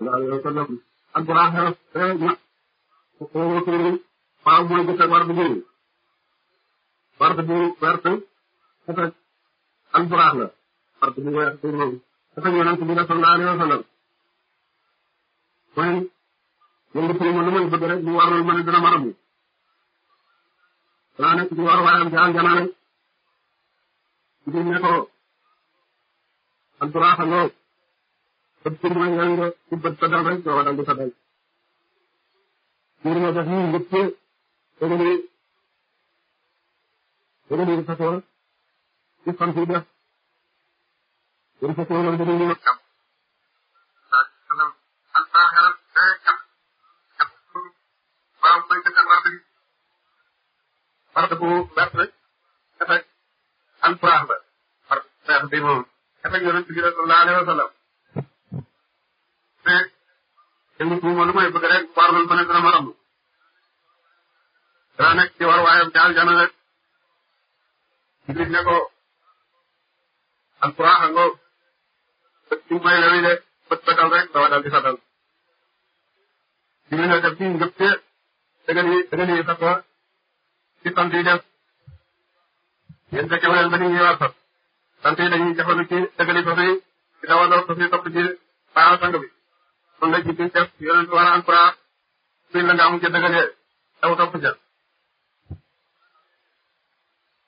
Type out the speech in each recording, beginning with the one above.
Eh, waaw yooyu te noppi ak balaa xarala xëy na xëy na faaw mooy gis ak war bu njëriñ war bu war bu xasee ak buraax la war bu weex bu ñëw xasee ñu naan ci biir asoon naa ne yoo xam mooy yëngu ci lu mën bëgg rek lu warul mën dina maramu. balaa nekk ci war waayam ci aljana ne ko ak buraax la te tur mooy ñaan nga ci bët sa dal rek loo dal di sa dal. tur mooy def nii lépp dëgg li dëgg li sa tool ci fan si def. dëgg sa tool dëgg li ma xam. parce que bu baax rek effet alquran la. parce que bi moom effet yonent bi sallallahu alayhi wa sallam te buuma lu may bëgg rek wargal ko ne dana ma ramb dana nekk ci war waayam ca aljana rek Iblis ne ko alquran nga bët ci may lewi de bët ba dal rek dawa dal di satal Iblis ne def ci ngëp te dëgën yi dëgën yi fatwa ci sant yi def yéen fekke wu leen ba nit ñi war sax sant yi dañuy jafandu ci dëgëli fas yi di dawandoo fas yi topp ci baaxal sang bi kon nag jiw def yonent bi war a encourage suñ la nga am ca dëgg daw topp ca.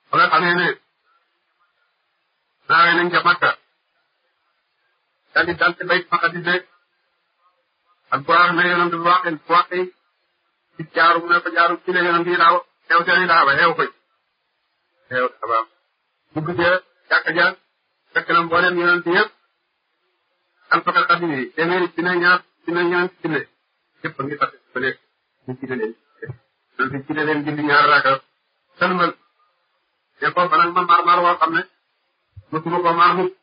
ba nga xamee ne naawee nañ ca Makka daal di daal ci bayt maqdis de ak bu baax ne yonent bi wax wax ci jaaru mu ne ko ci la yonent yi daaw xew seen i daaw ba xew ko xew daaw ba. bu gisee jàkka ja fekk na mboolem alphabet at mi téeméeri dina ñaar dina ñaar dina ñëpp a ngi participé ñu ci leen. donc ci leen julli ñaar raaka sëlmal ne ko banag ma maar maar woo xam ne mosuma ko maar mukk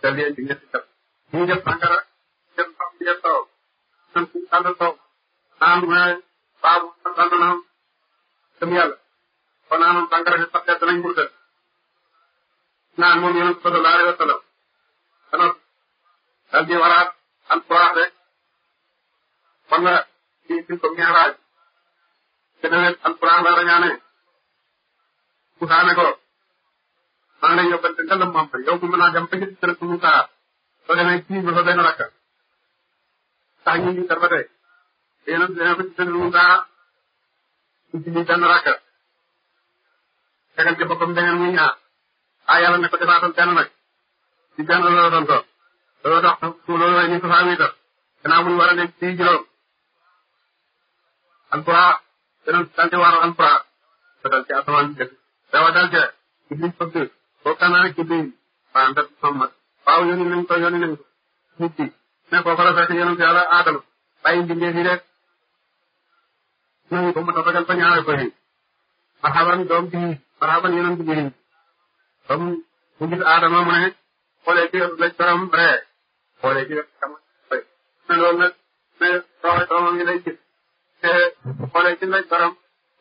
te leen di ñetti kat ñu def sàngara def ndox mi def taw sant sant taw naan ma baabu sant naam sam yàlla kon naanum sàngara ne sax danañ murtal naan moom yonent sallallahu alayhi wa sallam dal di waraat al boraate wala ci ci ko miiraaj te nawet alquran la rañaane Moussa ne ko maa ngi lay yóbbante ngalam moom fa yow mu mën a dem ba gis dërët Moussa soo demee kii ba fa benn rakka sax ñu ngi tarba tey yéen a demee ba gis dërët Moussa ñu ci benn rakka tegal ci boppam beneen muy ñaar ah yàlla ne ko defaatal benn nag ci benn la doon looloo tax suuf loolu la ñuy soxlaa mitar gannaaw muy war a nekk ci juróom alpura dana ci waaru alpura te ci asamaan bi dëkk dawa dal ci iblis fab bi boobu kan naa ci bi waa ndax Muhammad waaw ne kooku la fekk yónni yàlla aadama bàyyi mbindee fi rek nañu ko mu tax ragal ba ñaare ko yi marhaban doom bi marhaban yónni bi bi comme mu gis aadama mu ne xoolee ci lañ borom boole ci def jamono bi. loolu nag mais roxoy doomam yi lay gis. te boole ci ndey joram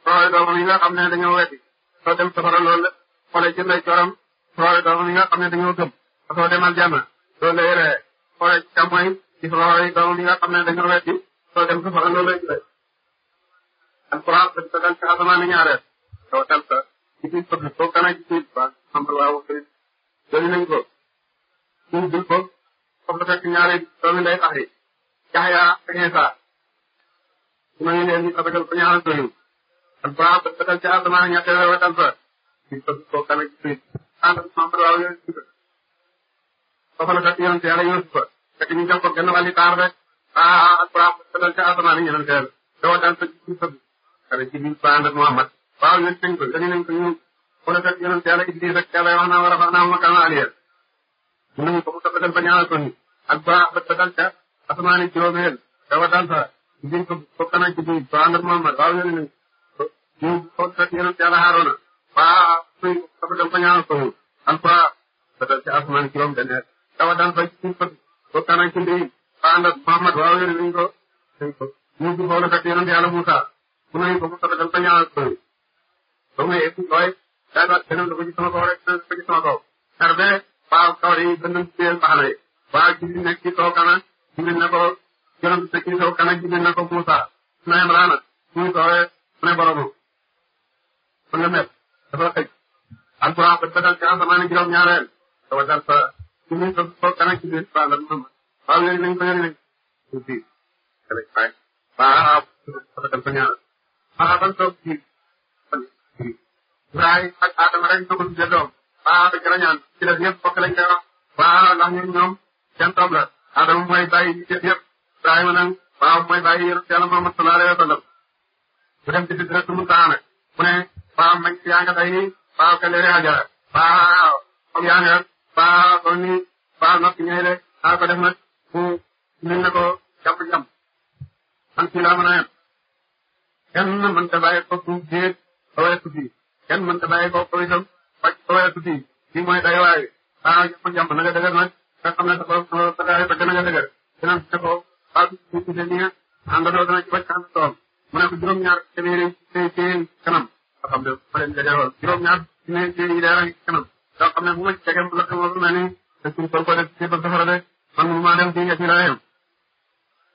roxoy doomam yi nga xam ne dañoo weddi. soo dem safara loolu la boole ci ndey joram roxoy doomam yi nga xam ne dañoo gëm. soo demal jàmm loolu lay ree. boole ci càmmoñ gis roxoy doomam yi nga xam ne dañoo weddi. soo dem safara loolu lay ree. alquran dañ ko daan ci asamaan ñaareel. soo dem sa ci biir soo gën a gis ba xam nga waaw loolu nañ ko. ñu jël ko. foofu la fekk ñaari doomi nday axi Yaxya ak Insa ma ngi leen di tatagal ko ñaanal doyu ak baa ba tagal ci asamaan ñetteel wetal fa ñu bëgg ko tamit ci ànd ak membre waaw yooyu suuka foofu la fekk yonent yàlla Yuusufa fekk ñu jox ko genn wàlli taar rek ah ak baa ba tagal ci asamaan ñeneen teel da watal fa ci sëb xare ci biir ànd ak Muhammad waaw yooyu dañ ko dañu nañ ko ñu wala fekk yonent yàlla Idris rek yàlla wax naa wa rafa naa makana aliya mu ne ko mu tëbbatal ba ñaanal ko ni ak ba ba tëddal ca asamaani juróomeel dafa dal fa ngir ko ko kanam ci biir ba ànd ak Muhammad waaw yéen ni ñu ko yéen ci Yàlla Haaruna ba suy tëbbatal ba ñaanal ko ak ba tëddal ca asamaani juróom beneel dafa dal fa ci ko kanam ci biir ba ànd ak Muhammad waaw yéen ni ko ñu ko xool fekk yéen Yàlla Muusa mu ne ko mu tëbbatal ba ñaanal ko ba mu ne looy daa daal keneen da ko ci sama kaw rek da ko ci sama kaw waaw kawar yi dana seen baxana yi waaw jibi nekk ci soo kana jibi na ko gërëm te ci soo kana jibi na ko Moussa na Imrana muy soowee mu ne boromam mu nga met dafa xëj alquran sa jibi sa soo sa la Muhammad waaw yooyu nañ ko yori nañ tuuti waaw dafa dal sa ñaar waaw ban toog ci ak Adama rek ñoo ko tuddee doom waaw ci ñaan ci def ñëpp bokk lañ koy wax waaw ndax ñun ñoom mooy bàyyi ñu jëf yëpp Ibrahima nag mooy bàyyi yonent yàlla Muhammad sallallahu alayhi wa bu dem ci Sidratu Muntaha nag mu ne waaw man yaa nga tey nii waaw ka leere Hajara waaw comme yaa nga waaw kon nii waaw noppi ñëy le bu ñu ne ko jàpp jàmm man fii laa mën a yem kenn ko suuf jéeg ba weesu fii kenn mënta bàyyi ko kaw faj ba weesu fii fii mooy day waaye ah jàmm jàmm na nga dëgër nag nga xam ne sa bopp sa gaay bëgg na nga dëgër dinañ ne ko ah ñu ngi gisee nii nga àndandoo dana ci faj ànd toom mu ne ko juróom-ñaar téeméeri tey tey kanam nga xam ne ma leen dëgëroon juróom-ñaar téeméeri tey daara kanam nga xam ne bu ma ci tegee mu lakk ma ba mel ni te suñ ko ko def ci ba safara de man mu maa dem fii nga ci laa yem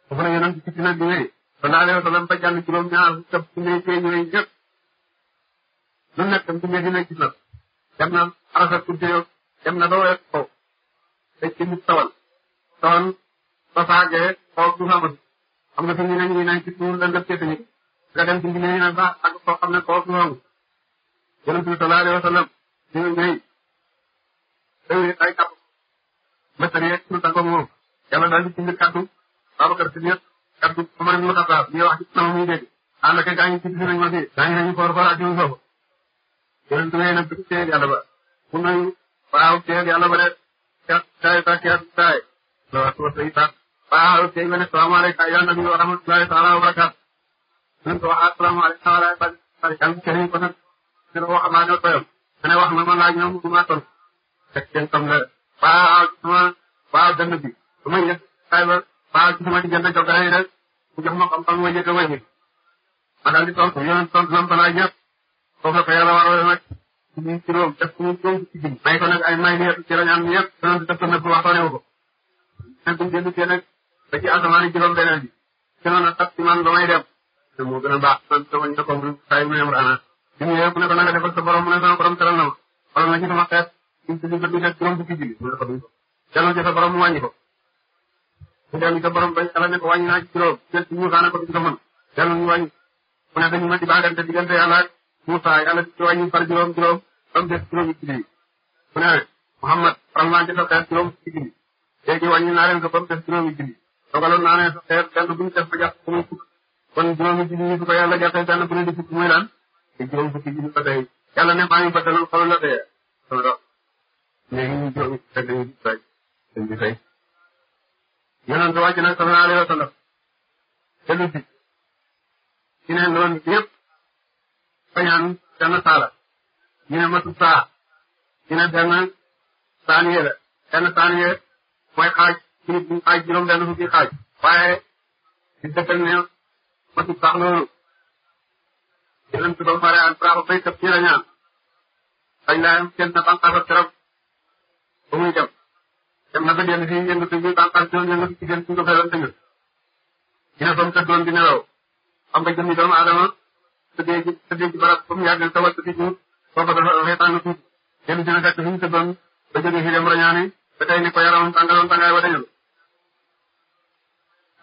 foofu la yonent ci nag di wéy sallallahu alayhi wa sallam ba jàll juróom-ñaar tëb ci ne tey ñooy ñëpp lu nekk mu ne dina gis nag dem na arasa kuddiyo dem na ba wet kaw tëj tawal toon ba faagee xoog du xamul xam nga fi ñu ne ñu ci tuur lëndëm ci tamit nga dem ci ñu ne naan ba ak koo xam ne xoog du xamul yonent bi sallallahu alayhi wa sallam ñu ñëy dëwri ay kàpp mëtari yeeg suñu tàngoor moom yàlla daal di bind kaddu Babacar si ñëpp kaddu Omar wax ci sama muy dégg ànd ak gaañu ci gis nañ ma fi gaañu nañu foor foor ak ñu foofu yonent wéy na bëgg teeg yàlla ba ku nuyu baaxul teeg yàlla ba de ca caay tax yaa taay lool soo say tax baaxul teeg ba ne salaamaaleykum yaa nabi wa rahmatullahi taala wa barakaatu ñun ko wax asalaamaaleykum wa rahmatullahi yàlla keneen ko nag dina wax maa ne toyam mu wax na ma laaj ñoom du ma toll fekk seen tam la baaxul sama baaxul dënn bi ma yëg taay ba baaxul sama diggante jokkoo yi rek mu jox ma xam ma jëkk a wéy ma daal di tontu yonent foofu la ko yàlla war a nag ñu juróom def ko juróom ci jëm may ko nag ay may yëpp ci lañ am yëpp doon def ko nëbb waxtaane ko nag bu jënd see nag ba ci asamaan juróom beneen bi ci noonu nag sax ci man ba may dem te moo gën a baax man sama ñu ko mu saa yu mu yem raana bi mu yëpp ne ko nanga defal sa borom mu ne sama borom teral na ma xoolal na ci sama xeet ñu si ñu ko duñ def juróom fukki julli mu ne ko duñ ko delloo ci sa borom mu wàññi ko mu dellu ci sa borom bañ ala ne ko wàññi naa ci juróom jël ci ñu xaana ko duñ ko mën dellu ñu wàññi mu ne dañu ma ci baa dem te diggante yàlla ak Moussa yàlla ci wàññi far juróom juróom ba mu des juróomi junni mu ne Mouhamad faral naa ci sa xeer juróom fukki junni léegi wàññi naa leen ko ba mu des juróomi junni dogaloon naa ne sa xeer benn bu ñu def ba jàpp ko muy fukk kon juróomi junni yi su ko yàlla jàppee benn bu ne di fukk muy lan te juróom fukki junni ba tey yàlla ne maa ngi baddaloon xolu la dee sama dox léegi ñu juróomi fekk dañuy gis rek dañ di fay yonent wàcc nag sallallahu alayhi wa sallam te lu ci ci neen loolu yëpp ñaan benn saala ñu ne matu saa ñu ne benn saaniye la benn saaniye mooy xaaj ci nit ñi xaaj juróom benn fukki xaaj waaye di dëkkal ne matu na banqaasa trop ba muy dem dem na ba denn fii yëngu si ñu banqaas doon yëngu si jigéen suñu ko feeran tëngal ñu ne fa mu tëddoon di nelaw xam nga jëmmi doomu tëddee ji tëddee ji barab ba mu yàgg tawal tëddi ji foofa dafa reetaan tuuti kenn dina fekk fi ñu tëddoon ba jóge fi dem rañaani ba tey ni ko yaramam tàngaloon tàngaay wa dañul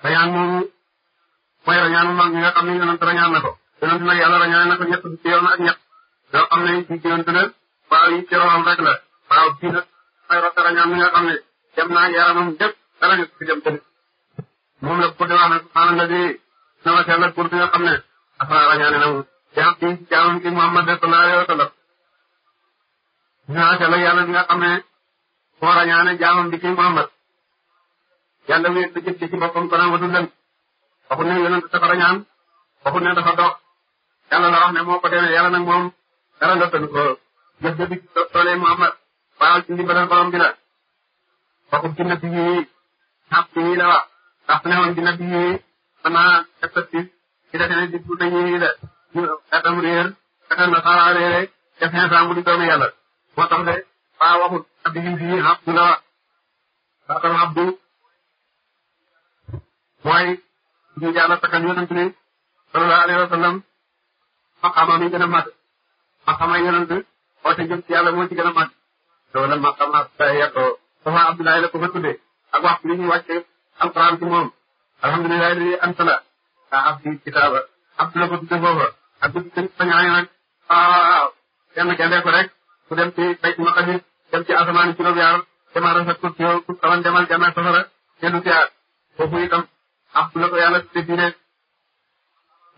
rañaan moomu mooy rañaan mag mi nga xam ne yonent rañaan na ko yonent nag yàlla rañaan na ko ñett fukki yoon ak ñett yoo xam ne ci yonent la waaw yi ci roxam rek la waaw fii nag ay rota rañaan mi nga xam ne dem naa yaramam lépp dara ñu fi dem tamit moom la ko di wax nag maanaam la di nawateel la pour bi nga xam ne dafa rañaane nangu jaam bi jaamam ci Muhammad sallallahu alayhi wa sallam ñaata la yàlla bi nga xam ne moo rañaane jaamam bi ci Muhammad yàlla wéet da jëf ci ci boppam ko naan wadu lën waxu ne yonent dafa rañaan waxu ne dafa dox yàlla la wax ne moo ko demee yàlla nag moom dara ndottan ko jëf da bi toolee Muhammad baal ci ndimbalal borom bi la waxu ci nabi yi xaq yi la wax ndax ne woon ci nabi yi sama exercice ci defe ne diggu nañu la ñu atam réer atam na saara réere def insaan bu di doomu yàlla moo tax de faa waxut abdi yi fii abdu la wax baatal abdu mooy ñu yàlla takkal yonent bi sallallahu alayhi wa sallam maqaama mi gën a màgg maqaama yonent oote jëm ci yàlla moo ci gën a màgg loolu maqaama yettoo dafa abdoulaye la ko fa tuddee ak wax li ñuy wàcce alquran ci moom alhamdulilahi li ansala daa am fii kitaaba am na ko tuddee foofa ak du tamit fa ñaañu nag ah kenn jëndee ko rek ku dem ci bayt maqadis dem ci asamaan ci juróom-ñaar demal rafet pour yow pour xamal demal jàmm ak safara dellu si waat foofu itam am na ko yàlla tuddee diine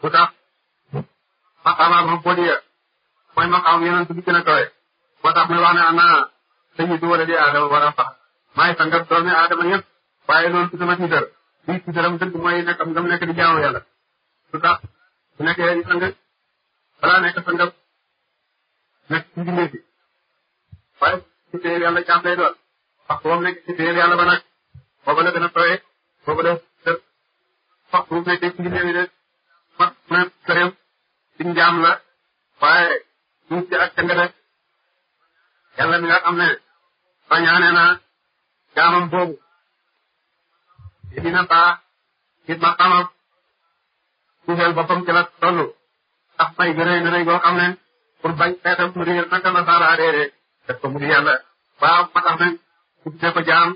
bu tax maqaama ma bodiya mooy maqaam yonent bi gën a kawe moo tax muy wax ne ana sayyidu waladi aadama war a fax maay sangam doomi aadama yëpp waaye loolu ci sama tiitar lii ci dërëm dëgg mooy nekkam nga mu nekk di jaamu yàlla. su tax bu nekkee sang balaa nekk sang nekk ci mbindeef yi waaye ci téyel yàlla jaam lay doon wax boobu nekk ci téyel yàlla ba nag boobu la gën a tooyee boobu def def wax bu nekkee ci mbindeef yi de wax na sëreem ci njaam la waaye ñu ci ak cëng def yàlla mi nga xam ne ba ñaanee naa jaamam boobu dina baax ci maqaamam suufeel boppam ci la toll ndax may gi rëy na rëy goo xam ne pour bañ xeetam mu réer naka la saara réere def ko mu di yàlla waaw ma tax nag ne ko jaam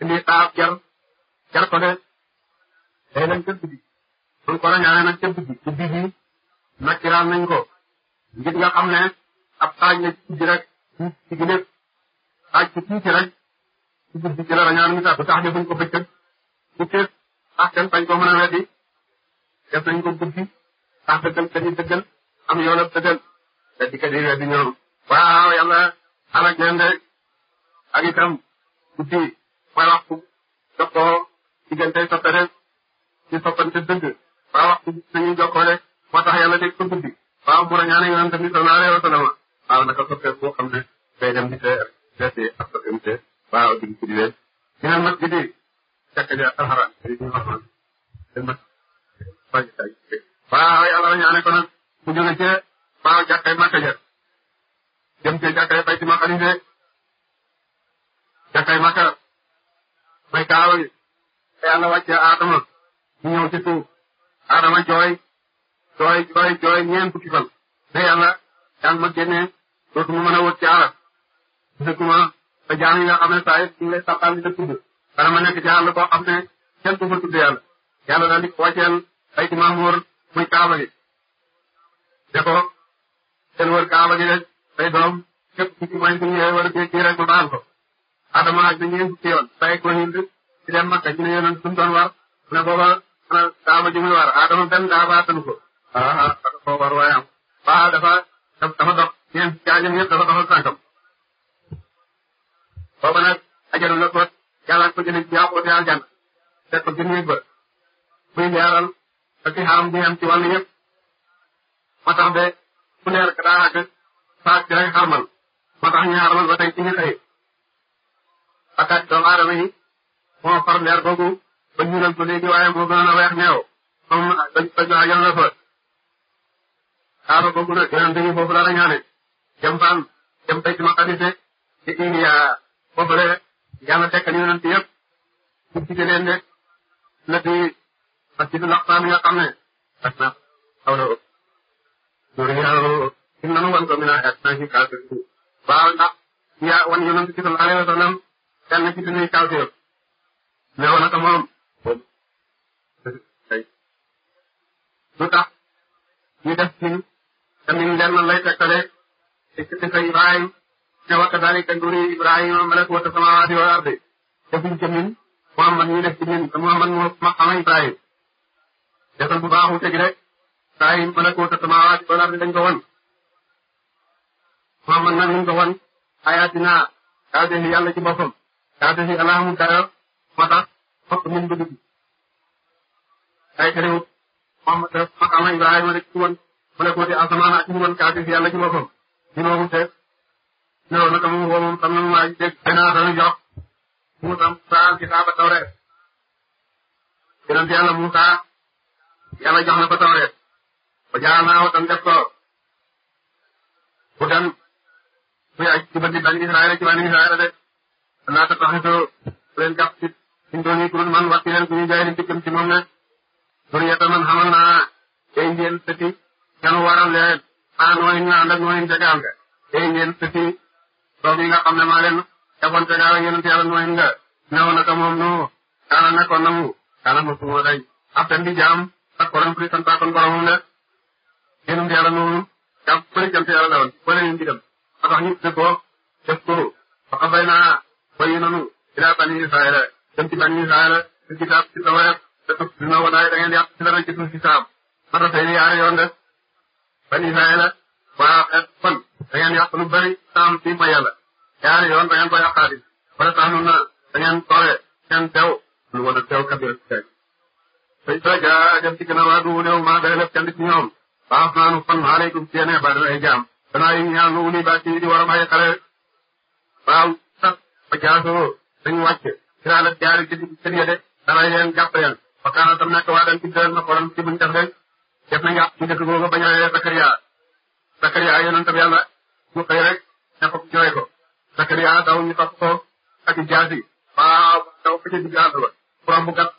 indi xaaf jar jar ko de day lañ ca guddi kon ko rañaane nag ca guddi guddi bi nakkiral nañ ko ngir nga ne ab xaaj la ci guddi rek ci ci gi xaaj ci tuuti rek ci guddi ci la rañaan mi tax bu tax defuñ ko bëccëg bu fees sax ko mën a weddi def nañ ko guddi sax dëggal ka di dëggal am yoon ak dëggal weddi ka di weddi ñoom waaw yàlla alak leen de ak itam guddi mooy waxtu jokkoo diggante soppe rek ci soppante dëgg waaw waxtu nañuy jokkoo rek moo tax yàlla dégg ko guddi waaw mu a ñaane yonent bi sallallahu alayhi wa sallam waaw naka soppe boo xam ne day dem di te seeti ak soppante waaw digg guddi leen dina mat guddi jàkka ja alxaraan yi ñu waxoon te ma bàyyi saa yi waaw yàlla ñaane ko nag mu jóge ca baaw jàkkay Makka ja jëm ca jàkkay Bayti Maqdis jàkkay Makka may kaawa yi te yàlla wàcce Adama ñu ñëw ci suuf Adama jooy jooy jooy jooy ñeent fukki fan ne yàlla yaa ngi ma génnee a wër ci àll. gisatuma te jaam yi nga xam ne saa yi ñu ngi lay sàqal di la tudd bala ma nekk ci àll boo ne kenn du fa tudd yàlla yàlla daal di wàcceel muy kaaba gi de ko seen wër kaaba gi rek say doom képp ku ci mooy bu ñëwee wala rek mu baal ko adama ak dañu leen ko hind kaaba ji adama benn daa baatanu ko aa ah, ah, ko war waaye am ah, dafa dafa dox ñeen jaajëm yëpp dafa doxal sànkam booba yàlla ko jëlee ci yàqoote aljanna teg ko ci néeg ba leeral ak am ci wàllu yëpp moo tax ba ku leer ka daa àgg faak ci rek xarmal moo ba tey ci ñu xëy bakkaat doomu aadama yi moo far leer googu ba ñuulal ko léegi moo gënoon a weex neew moom ba ajal la fa xaaro googu nag yonente yi foofu la la ñaane jëm fan jëm tey ci maqadise di indiya foofale yàlla tekkal yonent yëpp pour ci leen de na di masjidul aqsa mi nga xam ne ak na xaw na ëpp. loolu yàlla ñu nanu wan ko mi naa ak naa ci kaw waaw ndax yaa wan yonent ci sallallahu alayhi wa sallam kenn ci suñuy kaw yëpp ne wana ko moom lu tax ñu def ci tamit lenn lay ci ci say Ibrahim ne wa kadalika nuri Ibrahima malakuta samawati wal ardi defuñ ca min Muhammad ñu def ci min te Muhammad moo maqama Ibrahima defal bu baaxu tegi rek Ibrahima malakuta samawati wal ardi dañ ko won Muhammad nag ñu ko won ayatina daa defi yàlla ci boppam daa defi alamu dayo moo tax fokk min bëgg bi day terewut Muhammad maqama Ibrahima rek ci won malakuti asamaan ak ci won kaa defi yàlla ci boppam di moomu te ñëw na dama woo moom xam na mu waay dégg naa dana jox Moussa Moussa kitaaba tawreet yonent yàlla Moussa yàlla jox na ko tawreet ba jaal naa def ko bu dem muy aj ci bandi bani Israël ci bani Israël de naa ta taxito leen jàpp ci suñ doon yi kurul man wàcci leen ku ñu jaay di dikkam ci moom ne duriyata man xamal naa te ngeen sëti kanu waral leen ah nooy ñu ànd ak nooy ñu jegaan te ngeen sëti doom yi nga xam ne maa leen defoon te gaal ak yonent yàlla mooy nga newoon na ko moom nu kaana nekkoon na mu kaana mosuma day aften di jaam ak borom pri sant kon la woon bëri leen digal ba tax ñu tudd ko def ko wax bay naa bayu nanu ilaa bani israila ci bani ci kitaab ci tawreet te tuf dina wadaay da ngeen yàq ci ma rafet yaari yoon de bani waa xeet da ngeen yàq lu bari saam fi mooy yàlla ñaari yoon da ngeen ko yàqaati wala saanu na da ngeen toolee seen teew lu wala teew kabir teg fay soja jëm ci gën a waa du maa day lef kenn ci ñoom baax naanu fan aleykum ci yéen ba dana ay jaam danaa yi ñaan lu wuli ba ci di waram ay xale waaw sax ba jaasoo dañu ci laa la jaari ci seen yede danay leen jàpp leen ba kaana tam nekk waa na xolam ci buñ def rek def na yàq ci dëkk googu bañ a Zakariya Zakariya yonentam yàlla mu xëy rek ñaxam ñooy ko. Sakariya ah, daw ñu fas ko ak i jaasi. waaw daw ko ca digg àll ba. borom bu garab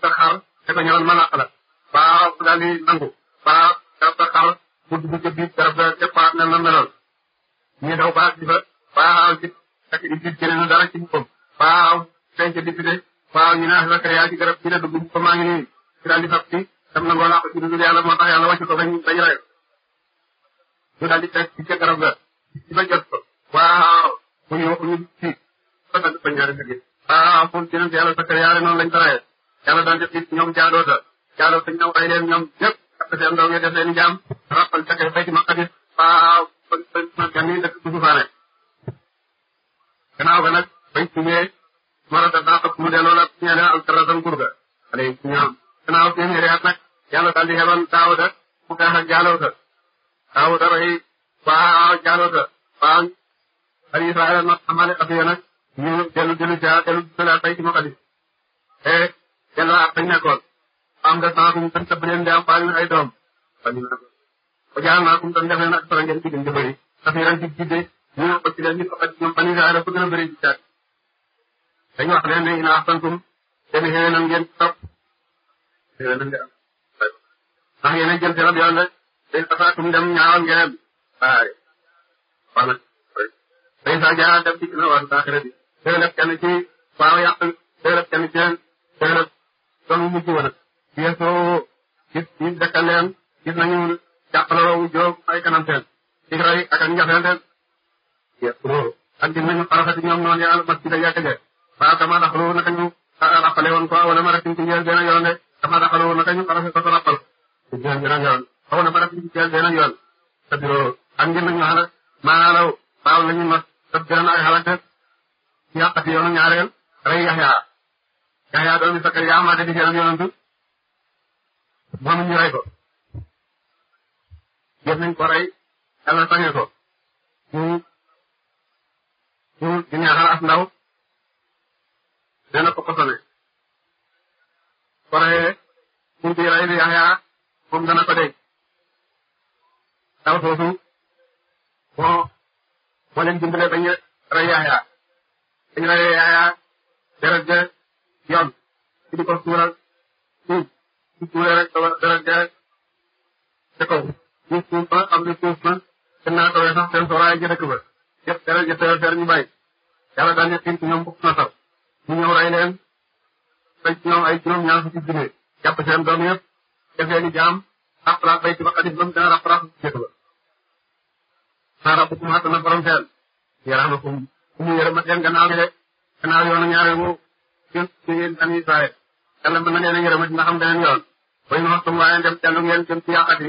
sa xaar. te ko ñëwoon mën a la waaw mu daal di nangu. waaw garab sa xaar. mu dugg ca biir garab ga départ na na meloon. daw baag ji fa. waaw ak i jiit jëlee dara ci boppam. waaw denc député. waaw ñu naan Sakariya ci garab gi la dugg ba maa ngi ci daal di na ngoo laax ci dundu yàlla moo tax yàlla wàcc ko bañ bañ rey ñu daal di teg ci ca garab ga ci ba jot ko. waaw mu ñëw ñu ci soxna ba ñaari dëgg. waaw lañ tarayee. yàlla daal def ñoom jaadoota jaadoota ñoom ay leen ñoom ñëpp ak seen ndaw ñi def leen jaam. rappal ca kay bay ci maqadis. waaw kon kon man jàmm yi dëkk bu faane. gannaaw ba nag bañ tuubee marata daa ko mu delloo la ñaare alkarasam kurga. xale yi ñu am gannaaw seen yëre at nag yàlla daal di xebal daawata mu gaax ak jaalawta daawu dara yi waaw jaalota waaw bani Israël ma xamale xas yéen ak ñu dellu dellu jaar dellu dulaat tey ci Moqadis te delloo ak fañ nekkoon am nga sama kum tan sëb leen di am baalu ay doom bañu na ko ba jaar naa kum tan def leen ak sara ngeen ci gën di bëri sax yéen ci jiite ñu ne ko ci leen ñu faqat ñoom bani Israël ko gën a bëri ci caat dañu wax leen ne ina axsantum seen xéwénam ngeen topp xéwénam ngeen am ndax yéen a jël seen ab yoon rek in tafakum dem ñaawal ngeen waaye wala day saa jaa def ci na war saaxira bi day def kenn ci waaw yàq day def kenn ci leen day def sonu mujj wa nag yeesoo gis ñu dëkkal leen gis nañu jàppaloo wu jóob ay kanam seen ci ray ak ak njafeel leen yeesoo ak gis nañu xarafati ñoom noonu yàlla mas ci da yàkk je waaw dama daxalu naka ñu rappale woon ko wala ma rakin ci njël gën a yoon de dama daxalu naka ñu xarafi ko rappal ci njël gën a yoon xaw na barab yi jël benn yoon sa bureau ak ngeen ñu xala maalaw baaw la ñu not sa gën ay xalak yàqati yoonu ñaareel rey yaxya yaxya doomi sakariya maa di seen yonantu moom ñu rey ko jëf ko rey yàlla sange ñu ñu di neexal as ndaw nee na ko kosone ko reyee pour rey bi yaxya moom dana ko dégg taw soosu moo moo leen dimbale bañ a rey Yaxya yoon ci di ko tuural suuf su tuuree rek deret ja ca suuf suuf ba xam ne suuf ba gën naa tawee ba yëpp deret ja tawee fer ñu bàyyi yàlla daal ñoom fukk na taw ñu ñëw rey leen fay ci ñoom ay juróom ñaar fukki junne jàpp seen doom yëpp def leen jaam rafetla bay ci ba xadis ba mu dana ba sa rabbukum xasana borom feel yaramakum umu yërëm seen gannaaw gi de gannaaw yoonu ñaareel mu ci ci yéen bani Israël yàlla mën na leen a yërëmati nga xam yoon bay nu waxtum waaye dem dellu ngeen jëm ci yàqati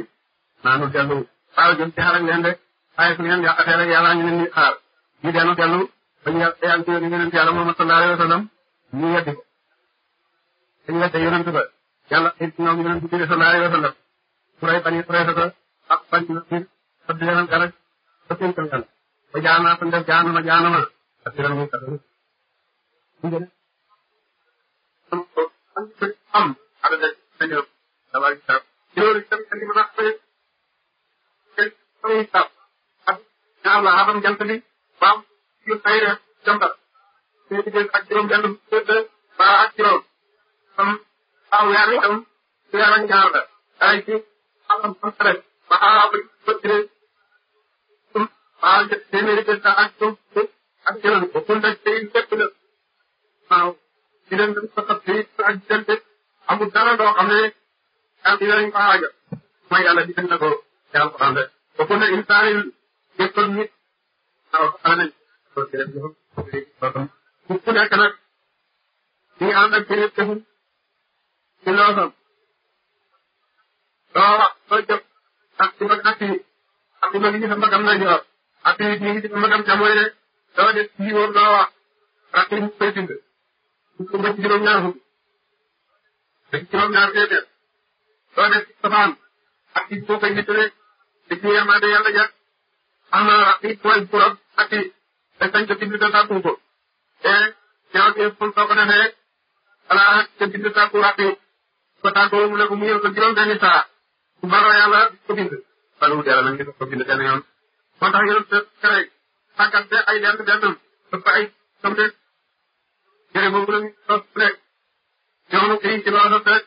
naanu dellu waaw jëm ci xarak leen de waaye su ngeen yàqatee rek yàlla ñu leen di xaar ñu dellu dellu bañu yàlla ci yónni yonent yàlla moom sallallahu alayhi wa sallam ñu weddi ko dañu wedde yonent ba yàlla it ñoom yonent bi sallallahu alayhi wa sallam su rey bani ak bañ na fi ba seen kaw yàlla ba jaanaa ko def jaanama jaanama asiran muy katam am ada def dañu dawal tab loolu tam tan di ma xamé ay tab ak ñaar la adam jant bi ba yu xayra jambal ñu di ak juróom benn de ba ak juróom am aw yaar itam yaar ak ñaar la ay ci am am ba ba waaw jë téeméeri gën daal ak suuf ak jëloon ba ful nag tey lépp la waaw di leen dem sa xas bi sa ak jënte amul dara doo xam ne daal di leen ko aajo mooy yàlla di gën a ko yàlla ko ànd ba ful nag insaan yi jëppal nit waaw xanaa nañ ko ci leen ñoom bu ku nekk nag di ànd ak jëriñ defum ci loosam doo wax doo jëf ak ci bëgg ak ci ak ci bëgg ñu sa mbagam na ñu wax ak nit ñi ci magam ja mooy ne dama def lii war naa wax ak ñu ñaar fukk ba ci ñaar téeméer doo def ci sabaan ak ci boo koy nittalee di ci yamaade yàlla jàpp am na ak ci wàllu kuram ak ci te sañ ko bind tàkku ko te ñaaw ci pour soo ko defee ala ko tàkku mu ne ko mu yëngu juróom-benni saa bu baroo yàlla ko bind. wala wut yàlla nag ñu ko bind benn moo tax yéen a tere sàkkat be ay dend dendam def ko ay samde jërë boobu la ñu sos bu nekk yoonu kii ci loo sos rek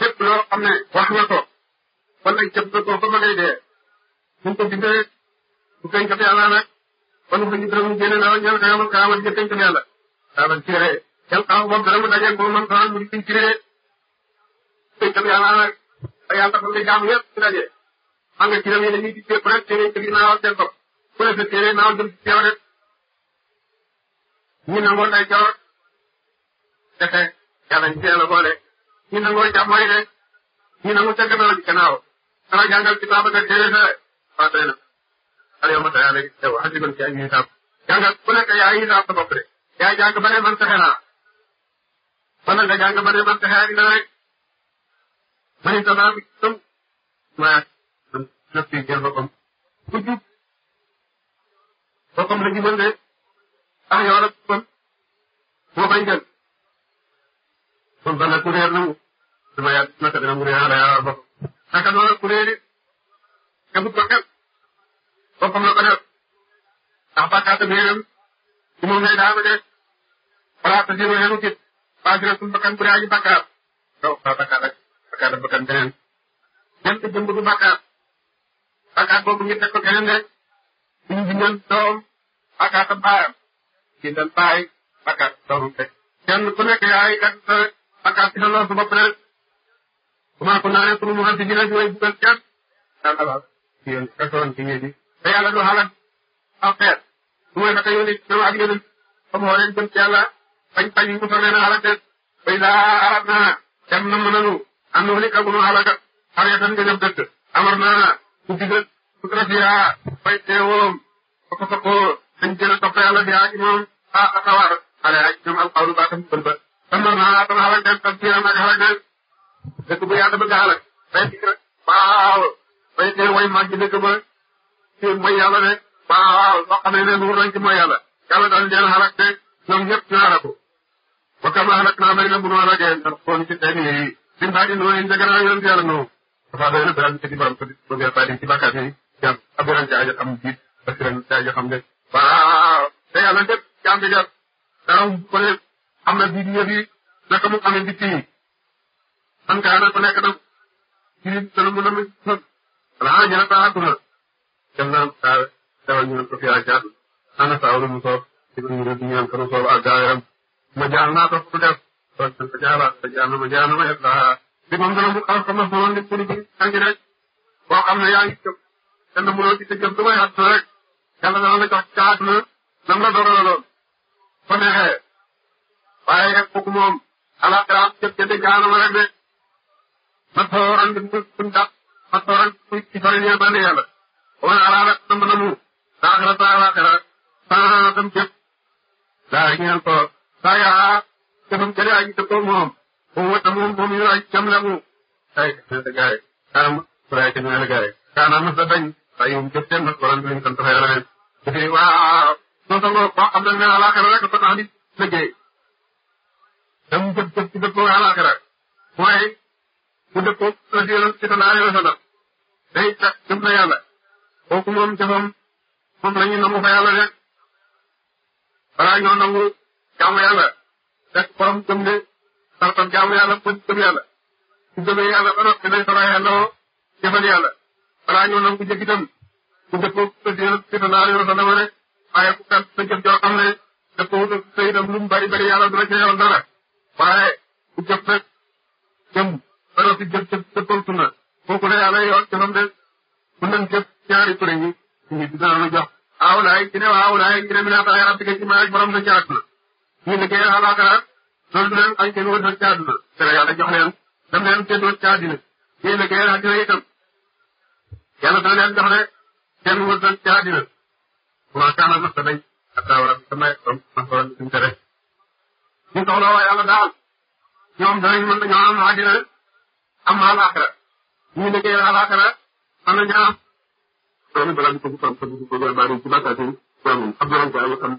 lépp loo xam ne wax nga ko wala jëf nga ko ba ma ngay dee ñu ko bindee rek bu koy jot yàlla nag wala ko ñu dërëm génne naa ñëw ka yamal kaamal jëf ko yàlla daanaka ci ree yàlla xaw boobu dara mu dajeeg moom man xaw mu ngi ci ree koy jot yàlla nag te yàlla dafa lay jaamu yëpp ci daje xam nga ci réew yi dañuy gis yëpp rek seen i naawal seen bopp ku ne sa séeréer naawal jëm ci teew rek ñu nangoon ay joor defe yàlla ñu teel a boole ñu nangoo jàpp mooy de ñu nangu ca gannaaw ji gannaaw dama jàngal ci baax ba nga déggee sa waaw doy na. xale yow ma sa yàlla yow xasigoon ci ay hisaab jàngal ku nekk yaa hisaab sa bopp de yaa jàng ba ne man fexe naa kon nag nga ba ne man fexe ak rek man itam naa fi def ci jël boppam ku jub boppam la jubal de ah yow nag kon moo koy jël ku réer nangu dama yàgg naka dina mu réer day aar boppam naka noonu ku réer it xebut ko xel boppam la ko def ndax bàkkaata biiram ci moom lay daama de wala ta siro xenu kit akaat boobu ñu teg ko keneen rek suñu bindal doom akaat baayam bindal baay akaat doomam teg kenn ku nekk yaay kat sa akaat si delloo sa bopp rek commencé naa ne mu xam si bugal kenn yàlla la ci yoon kasoon ci du xalaat aw xeet su may naka yónni ñoom ak yónni comme moo leen jëm ci yàlla mu fa leen a xalaat rek laa arab naa dem na mën a nu ka bu nu xalaat xar ya tan nga jëm amar naa ku digal ku trafiyaa bay teewoloom ba ko soqoo dañ gën a topp yàlla bi yaa ci moom ah asawar ale ak ñoom alxawlu baa tam bël ba sama naa tam xalak dem tam tiiram ak xalak dem dëkk bu yàlla bëgg xalak bay dikk rek waaw bay tee way màgg dëkk ba ci mooy yàlla rek waaw soo xamee ne nuur nañ ci mooy yàlla yàlla daal leen xalak de ñoom ñëpp ñu xalak ko ba kam xalak naa bari na bu noonu ak yéen ndax kon ci tey nii limbaadi nooyin jagana yoon yàlla noonu dafa doy nag daal ñu imam ko bëgg bàyyi ci bàkkaat yi jàmm ab yoran ci aja xam jiit ba ci ren ci aja xam ne waaw te yàlla lépp jàmm bi jar dara ko ne am na bi ñëw yi naka mu amee bi fii man kaa na ko nekk nag ci dana mu nam ala ñu na taakuna dem naan saa dawal ñu ko fi ajaat ana saa wala mu soob ci ñu rëdd ñu ko soob ak gaayaram ma jaar naa ko fu def kon ko jaaraat ma jaar na ma yàlla te moom dana mu xaar sama xaroon ne pour ñu xangi rek boo xam ne yaa ngi jëm kenn mënoo ci sa jëm du may at rek yàlla dana la jox na nam la fa neexee waaye rek kooku moom alaxira am jëm jënd jaanama rek de ma tooran bi muy suñ dàq ma tooran muy ci sori ñeent bande yàlla. waaye alaala nam na mu laaxira sa alaxira saa tam jëf daa ñeel ko saa yaa jëfam jëlee aji dëppoo moom. foofu moom moom yu ay cam la mu ay la gaay kaanam raay ca la gaay kaanam sa dañ ay um jëf seen nag borom bi lañ sant xeer leen dafay waaw soo sangoo boo xam ne alaxira rek ko tax di liggéey dam jëf jëf ci dëppoo alaxira waaye bu dëppoo la si yoon si tanaa yoon sa day tax jëm na yàlla kooku moom jëfam moom la ñu nangu fa yàlla rek balaa ñoo nangu jaamu yàlla rek borom jëm de ndax tam jaamu yàlla mooy gëm yàlla su gëmee yàlla ba noppi dañ ko raay yàlla woo jëfal yàlla balaa ñëw nag sa diine sa ku kan sa joo xam ne dëppoo sa sa itam bari bari yàlla du la ca yoon ku jëf rek jëm ba noppi jëf jëf dëppoo sunna kooku la yàlla yoon jëfam de bu leen ñaari kuréel yi ñu dina la jox aawlaay ki ne ki ne mi naa yarab bi maaj borom sa jarak la ñu liggéey alaakara loolu nag ay kenn wër nag ci àdduna Sénégal da jox leen dem leen kenn wër ci àdduna yéen nag yéen àdduna itam yàlla dana leen jox ne kenn wër nag ci àdduna waaw kaana mas ta dañ ataa wala sa may am ma ko ñu tere ñu soxla waa yàlla daal ñoom danañ mën ñoo am àdduna am alaaxira ñu liggéeyal alaaxira am na ñaar loolu balaa ñu ko gis am ko gis ko gën a bari ci bàkkaatin loolu am na ko yàlla xam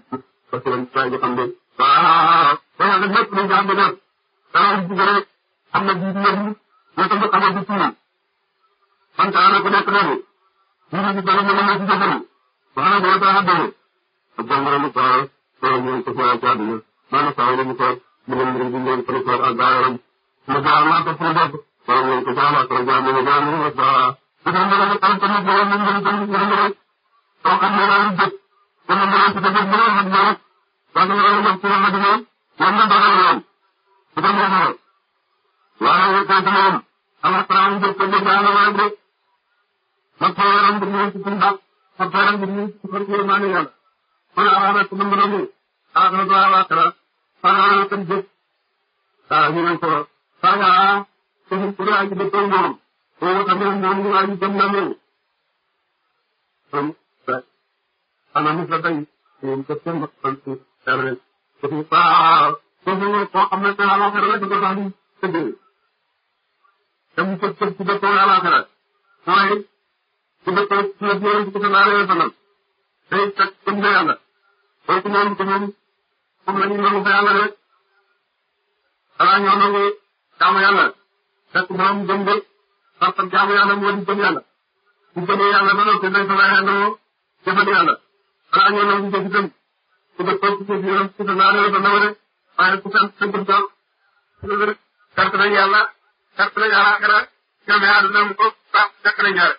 parce que lañ try ko xam de waaw loolu nag lépp luy jàmm lool dara lu ci gën a am na jiitu yëpp yi yëpp yëpp amal ci tuuru man daanaka ku nekk loolu ñu ngi ci dara mën na ci jëfandu ba xam ne dina tax a déglu ak jàngoro lu taxaw loolu ñoom ci xelal ci àdduna maanaam saa yu ñu toog mu dem mu dem ñu toog ak baayaram mu jaar naa ko suñu bopp wala ñoom ko jaam ak la jaam ñu jaam ñu ak baa su ko mën a am tamit loolu ñu ngi dem ñu ngi rek soo xam ne daal di jëf dama mën a ci dëgg mën a xam ne rek daal di mën a wax ci wax ak ñoom moom la dogal woon su ko dogal waaye tey ci moom am na xanaa mu jëm sa njëkk yàlla waaye rek sa toolam bi ñëw ci suñu bàq sa toolam bi ñëw ci suñu kër maa ngi yàlla. kon awaana ak suñu mbooloo mi ah dina doy awaat la saa nga awaat ak jëf ah ñu ngi ko saa nga ah suñu kër yaa ngi dëppoo moom loolu tamit moom ñu waa ñu jëm na moom. kon ana mu sa tey ñu ngi ko seen bopp sant yàlla rek. suñu saa suñu koo xam ne ne alaxira la dugg sax di tëddee te mu tëj tëj ci dëppoo alaxira mooy ci dëppoo ci la jëlee ci sallallahu alayhi wa sallam day teg gëm na yàlla kooku moom te moom moom la ñu nangu fa yàlla rek balaa ñoo nangu jaamu yàlla fekk borom gëm de parce que jaamu yàlla moo di gëm yàlla bu gëmee yàlla ba noppi day fa lay àndoo jëfandikoo yàlla balaa ñoo nangu jëfi gëm su dee kooku si biir si biir naanoo la ba naw rek waaye ku yaa dina mu ko baax fekk nañ ñaare.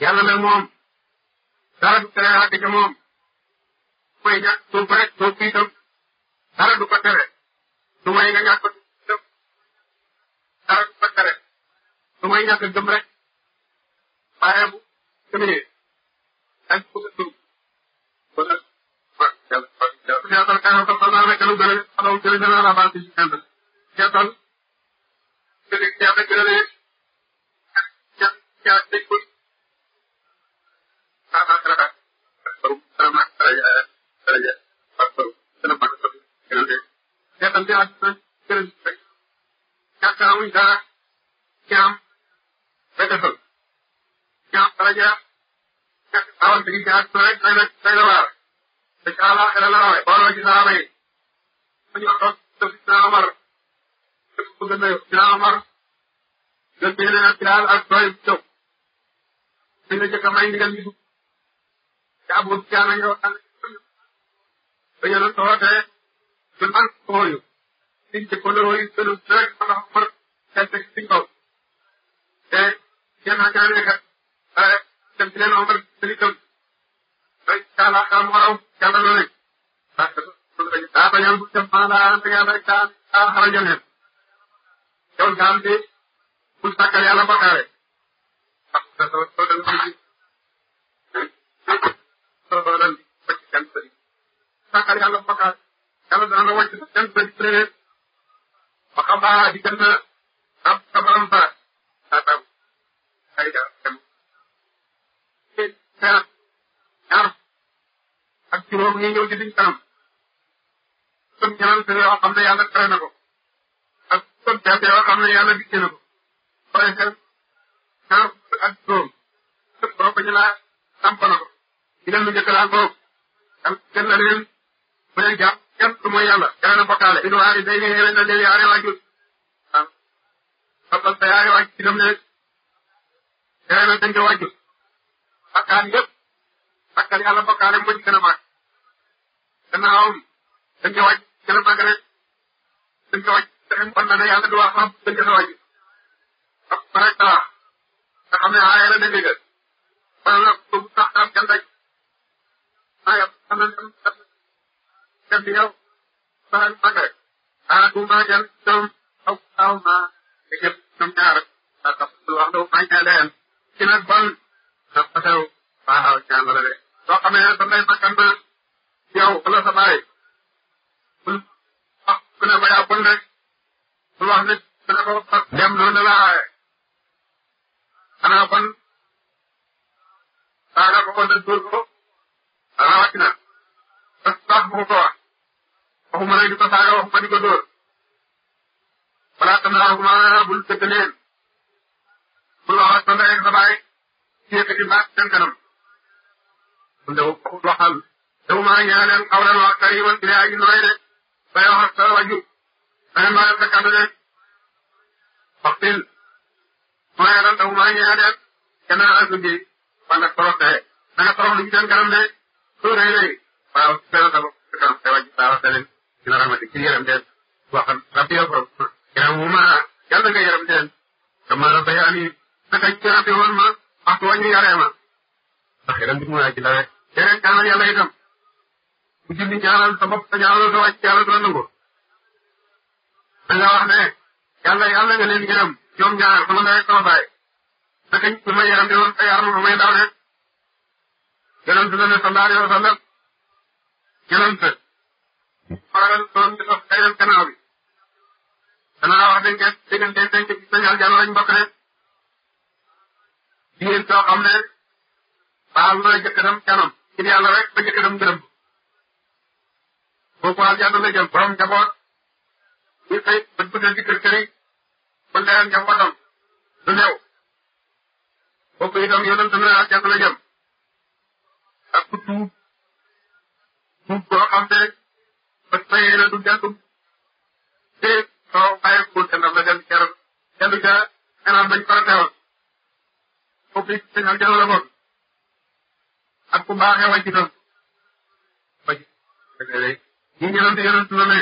yàlla moom du mooy ñàkk suuf rek suuf bi itam du ko tere lu may du ko tere lu may ñàkk gëm seetal kanam tam naa nekk lu gën a xaw jëlee naa la baal ci kenn seetal jëlee ceeb rek jëlee ceeb ceeb dañ koy ah ah ah seetal bi ak jëlee rek kàkkaawuñ dara caam rek defal caam dara jaar awante gi jaar rek day la day la waar te ca àllaaxira la rawe booloo ci saaba yi ma ñu toog def Sidna Omar def bu gën a Sidna Omar gën bee na bilaal ak doy bu jëw bi la jëkk a may ndigal ñu dugg te Abu Sufyaan a ngi waxtaan dañu doon toote du man kooyu liñ jëkkaloo yi gënu rek ma nga xamar teg ci kaw te yéen a ngi leen nekk dem ci leen Omar sëli kaw day caalaa xam waraw caalaa looy. parce que daa bu jëm maanaam da rek daan daa xara jëlee. yow daal di bul sàkkal yàlla soo soo dem ci soo dem ci wàcc kenn sëriñ. sàkkal yàlla bakkaare yàlla dana la di gën a am sa borom ñaar ak juróom ñi ñëw ci biñ kanam sën ñaan te yoo xam ne yàlla tere na ko ak sën jafe yoo xam ne yàlla dikkee na ko waaye xel ñaar ak juróom sën boobu ñu naa na ko ci leen lu njëkk na leen bu inu aari day ne yewen na leen yaari waajur waaw sakkal yàlla bokkaale mu gën a màgg gannaawam dañ ko wàcc gën a màgg rek dañ ko wàcc dañ ko na ne yàlla du wax xam dañ ko wàcc ak barek dara nga xam ne aaya la dégg wala la ko sax am kenn rek aaya xam na tam kenn yow barek màgg rek aaya bu ma jël tam aw aw ma nga jël tam ñaar ak wax do ma ñaleen ci nag ban na fa tew baaxaw ci yàlla rek soo xamee ne danay bakkan ba yow wala sa baay bul wax ku ne ko yaa bon rek bul wax nit ku ne ko dem loolu la aaye xanaa bon saaga ko wala ko rawatina parce que baax bu ko ko wax waxuma ko saaga waxuma di ko dóor bul dëgg leen bul wax ak sa ndey ak sa baay yëkkati kanam ndaw ku waxal daw maa ñaanal xawlan wax kariman ji nooy de bay wax ak sa waju dana nooyal sa kàddu de waxtil nooyalal daw maa ñaanal gannaaw ak bi ba nga torox de na nga torox lu ci seen kanam de soo rëy rëy waaw seen sa bopp sa sa waju saa wax leen dina ramati yaram de waxal rabbi yow borom yaram wu maa yàlla nga yaram de dama rabbi ani naka ci rabbi woon ma waxtu wañu yaree xelam bi mu waaj la rek keneen ñaanal yàlla itam ku julli ñaanal sa bopp sa ñaanal sa nangu da nga wax ne nga leen yërëm ñoom ñaar sama ndey sama baay naka ñu ma yaram di woon sa yaram ba may daw ne yonent la ne sallallahu alayhi wa sallam yonent faral baal na jëkkëram kanam ngir yàlla rek ba jëkkëram gërëm kooku aljanna la jëm borom njaboot ñu fay bët bëggal ci kër këri ba leer njabootam du leew kooku itam yonent na aljanna la jëm ak ku tuub tuub boo xam ne ba tey la du jàddu te soo bàyyeekul te la dem keroog kenn du ca kanam bañ ko teewal kooku it seen aljanna la bokk ak ku baaxee wàcc doon wàcc léeg-léeg ñi ñëwante yonent la ne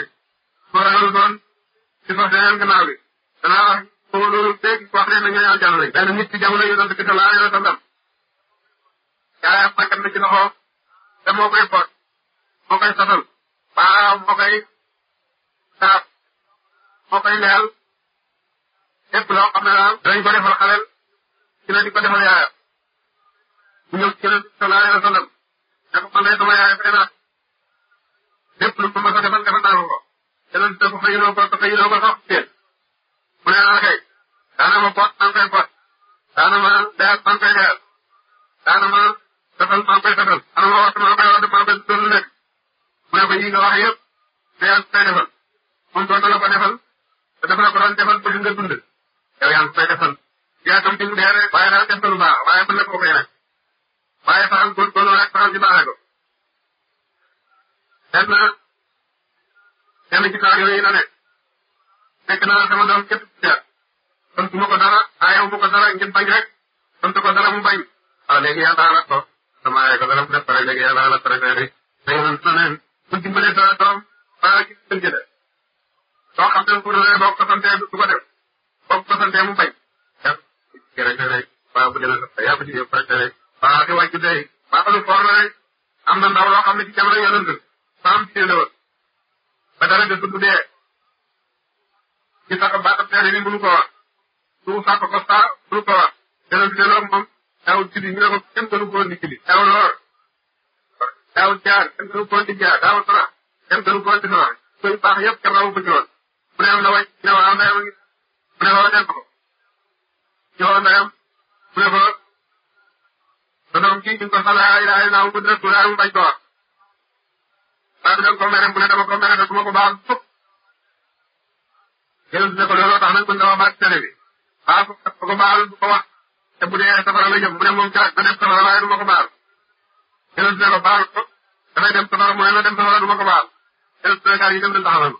moral doon ci sax deneen gannaaw bi danaa wax foofu loolu dégg wax ne na ñoo ñaan jàll rek benn nit ci jamono yonent bi salaa yonent ndam yaayam sakkat na ci loxoom te moo koy boot moo koy satal waaw moo koy saaf moo koy leyal lépp loo xam ne daal ko defal xalel ci la di ko defal yaayam mu ñëw ci yonent sallallahu alayhi wa sallam ne ko man de sama yaay fay naa lépp lu ko mos a defal defal naa ko ko yonent ne ko fayuloo ko te fayuloo ko sax déet mu ne ah kay daana ma pot maa ngi koy pot ma deer maa ngi deer daana ma defal maa ngi koy defal ma waxtu maa ngi koy mu ne ko yi nga wax yëpp te yaa ngi koy la ko defal te dafa la ko doon defal bëgg nga dund yow yaa ngi koy defal mu dee rek waaye daal def na lu baax waaye mën na koo naa sama doom képp kon su ma ko dara aayewu ma ko dara ngir bañ rek sant ko dara mu bañ waaw léegi yàlla àll ko sama ko dara mu def pare léegi yàlla àll pare weer yi. léegi nag sa doom balaa gis ngeen ne pour ne boo ko santee du ko mu bañ. yàlla gërëm gërëm rek waaw bu jëlee sa yàlla bu di wàcc tey waaw lu for am na ndaw loo xam ne gënu konti jaar daawul faral kenn gënu konti faral te yu baax yëpp kenn rawu ko ci woon. bu ne la wàcc ne waaw ndeyam ngi bu ne waaw dem ko ci woo ndeyam bu ne ko sa doom kii ñu ko fa laa ilaaha illaa bu dina tuuraay mu bañ ko wax. waaye bi doon ko mere bu ne dama ko mere te duma ko baal fukk. yéen ne ko looloo tax nañ ko ndaw a baal ci télé bi. waaw ko ko baal du ko wax te bu dee safara la jëm bu ne moom ca da def safara waaye du ma ko baal. yéen ne ko baal. baal mu ne la dem safara du ma ko baal seen béykat yi dem nañ taxawal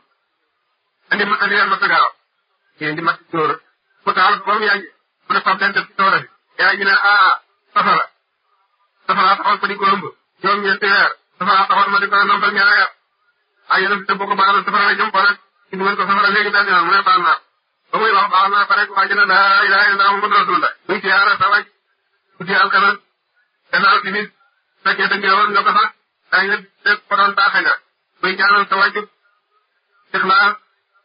andi ma andi leen ma sagaara yéen di mat si tóor mu taxawal ba mu yàgg mu ne fab leen def si tóor bi yaa ngi ne ah, ah safara safara taxawal ko di ko ëmb ñoom ñeenti weer safara taxawal ma di ko nombal ñaari weer ah yéen a fi dem boo ko baaloon safara la jëm ko nag ci bu ngeen ko safara léegi daal di naan mu ne baal naa ba muy wax baal naa pare waa jënd laa ilaaha illallaah Muhammadu rasuulullaah muy ziyaara sa waaj guddi alkanan gannaaw timis fekkee dëgg la woon nga ko sax daañu la def ko doon baaxee nga muy ñaanal sa wàññi ixlaas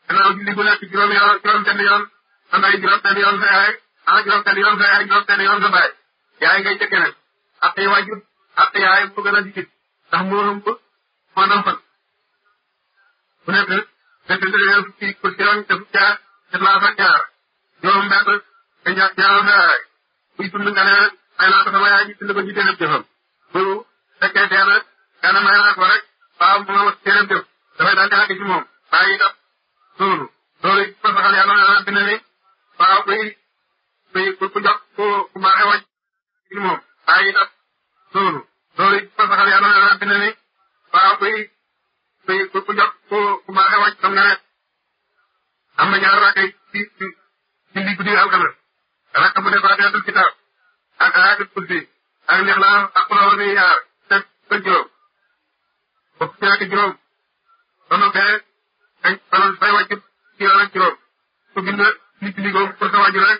gannaaw julli bu nekk juróom yoon juróom benn yoon sa ndey juróom benn yoon sa yaay ah juróom benn yoon yaay juróom benn yoon sa yaay ngay jëkkee ak ay waajur ak yaay mu gën a digit ndax moo ëmb bu nekk def nga fukki fukki yoon te fukki jaar ixlaas ak ñaar juróom benn ñaar ñaar sa yaay buy dund nga ay naa ko sama yaay ñu dund ko ñu def jëfam loolu fekkee dee na xanaa may naa ko rek baaw bu ma wut seen def dafay daal di àgg ci moom bàyyi itam loolu loolu it ma saxal yàlla naa bind ni baaw kuy kuy ku jox ku ku baaxee wàcc ci moom bàyyi itam loolu loolu it ma saxal yàlla naa bind ni baaw kuy kuy ku jox ku ku baaxee wàcc tam nga ne am na ñaar rakk ci ci ci li guddi alxames rakk bu ne faatihatul kitaab ak ayatul kursi ak lixlaas ak xulawal bi yaar te te juróom ba fukki at ak juróom ba mu dee dañ balaa bay wàcc fukki at ak juróom su bind nit ñi góob pour sa wàjju rek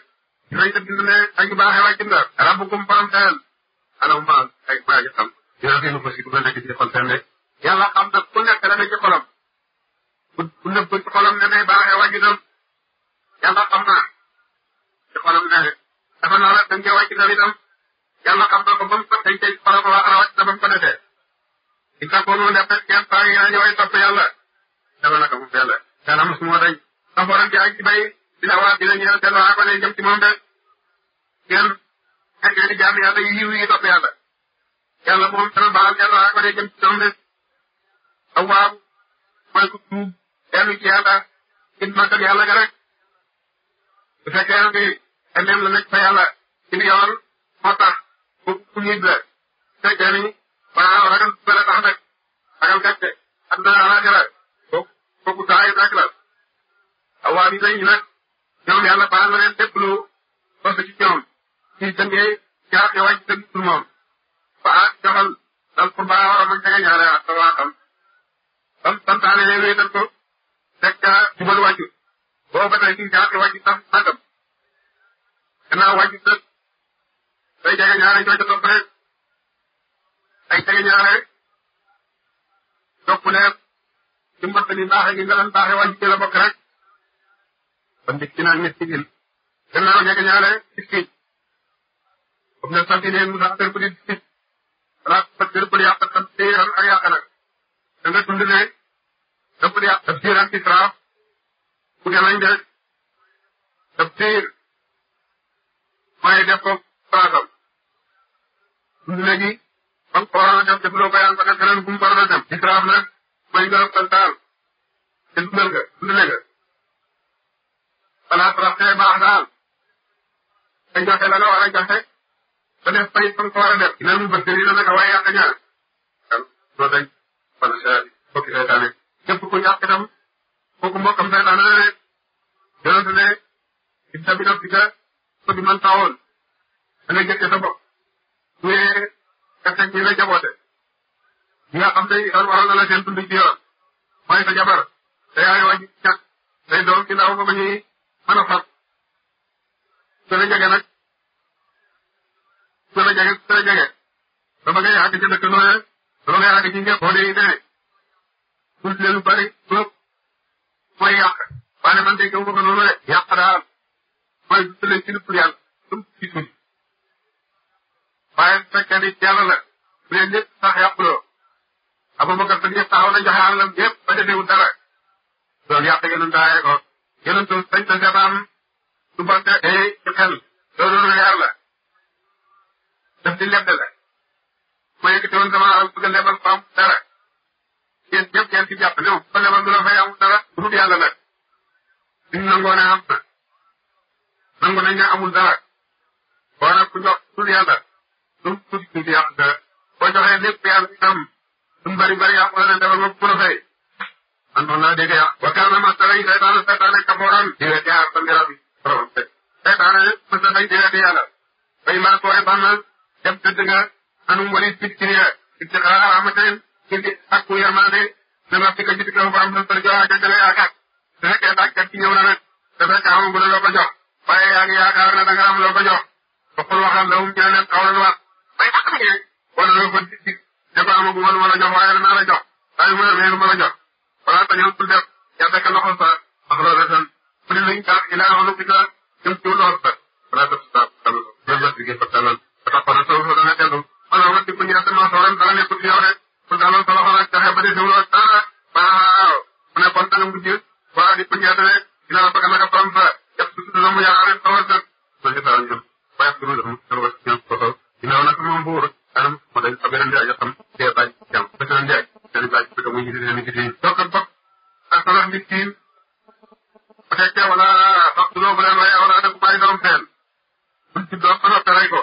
dinañ sa bind ne aji baaxee wàcc nga. rabbukum borom teel alaw maal ay maa ngi xam. dina gën a fas yéene nekk ci seen rek. yàlla xam na ku nekk la ci xolam bu bu ci xolam ne ne baaxee wàcc na yàlla xam naa ci xolam ne dafa naa la dañ cee wàcc na itam yàlla xam na ko ba mu ko dañ cee xolam waa na ba ko defee. di takkoonoo ne ngeen faa ngi naan way topp yàlla dama naka moom yàlla dana mos moo day safaran bi ak ci bay dina waa dina ñeel delloo ak jëm ci moom de ngeen nekk leen jaam yàlla yu yi topp yàlla yàlla moom dana baal delloo ak ne jëm ci moom de mooy ku tuub dellu ci yàlla gën màggal yàlla ga rek bu fekkee ne xelem la nekk fa yàlla ci moo tax bu ku ñib la fekkee waaw ragal dana tax nag ragal gàcce xam naa alaxira boobu boobu saa yu nekk la waaw yi tey nag ñoom yàlla baal na leen lépp lu sos ci ñoom ci dëngee jaar yow ak dëng moom. waaw a mën jege ñaare ak waa xam comme santaane ne wéetal ko fekk jubal wàccu boo ba tey ci jaar yow wàccu sax nagam gannaaw wàccu sët day jege ñaare ñoo ca topp rek tey ñaare topp leen ci mbottali baaxe gi nga leen baaxe waa ji la bokk rek ba ci naan ñetti gil gannaaw ñege ñaare diskiic foofu ne santi leen mu sax tërpëli diskiic wala fa tërpëli yàq tam téeran ak yàq nag da nga dund ne tërpëli yàq tafsir ak israaf ku te nañ de tafsir mooy def ko faraasam dund ne gi ba mu ko waroon ko yaa ngi ko def keneen bu mu waroon a def. israaf nag mooy baax daal. te joxe la la war a joxe. te def fay fa mu bëgg te dina naka waaye yàq kan doo daj fan saa yi foofu seetaane. ku ñàkk itam kooku mbokkam seetaane la ne. yonent ne it tamit nag di ko bi man tawoon. da nga jëkkee sa bopp. fekk ñi nga jaboote ñi nga xam tey waral na la seen dund ci yoon mooy sa jabar te yaay waaj càkk tey doom ginnaaw ba ba ñuy a fab soo la jege nag soo la jege soo la jege dama ngay àgg ci dëkk nooyee dama ngay àgg ci njëkk boo dee dee tuuti bari trop mooy yàq waaye man de gaw ma ko noonu daal mooy tuuti leen ci lu yàlla lu mu waaye bu fekkee ni yàlla la bu dee nit sax yàquloo Abubakar na joxe àllam yëpp ba defewul dara loolu yàq yonent daaye ko yonent sañ na seetaan su bon te ay ci xel loolu lu leer la daf di lebb la ma yëkkati woon sama alal bëgg a lebal ko am dara yéen ñëpp ngeen ci jàpp ne moom ba lebal du la fay amul dara bu dul yàlla am na nangu nañ ne amul dara lu mu ci yàlla boo joxee bari bari yàlla wala ma pour fay man noonu laa dégg yàlla wa kaana masala yi seytaane seytaane kafooran di wet yàlla sa mbiram borom fekk seytaane masala yi di wet yàlla bay maa sooy bànn dem tëdd nga anum walit picc ya istixaara amateen ci akku yamaane ne la fi ko jiitu kaw ba am na sa jox ak jëlee yaakaar su fekkee dàqkat ci ñëw na nag te fekk amagu la loo ko jox waaye yaa ngi yaakaar ne da nga am loo ko jox bay tax a jeex. wala nga ko ci ne ko amagu ma lu ma la jox waaye naa la jox waaye mu ne lu ma la jox. wala dañoo dul def yàlla ka loxo sa wax la rësal. mu ne lañ daal ilaa wax lu gis jëm ci lool sa. wala def sa talal jëm bët bi ngeen ko talal. ba tax na soo dana dellu. wala wàcc ku ñëw semence waram dara nekkul yow rek. pour dalal sa loxo nag joxe ba di déglu ak dara. waaw mu ne kon dana mujj. waa di ku ñëw tamit dinaa bëgg naka faram sa. yàpp si dina mu yaakaar ne xaw a jot. soo ci faral di dem. waaye ak dugub bi dafa ginnaaw nag moom bu wóorul kanam ma dañ ko beneen jaay yoo xam cee bàyyi jàmm ba seen jaay seen bàyyi bi ko muy gis seen gis yi donc bopp ak solo nit ki bu fekkee wala waxtu loo bu leen waaye wala def bàyyi doom feen buñ ci doom ba noppi rey ko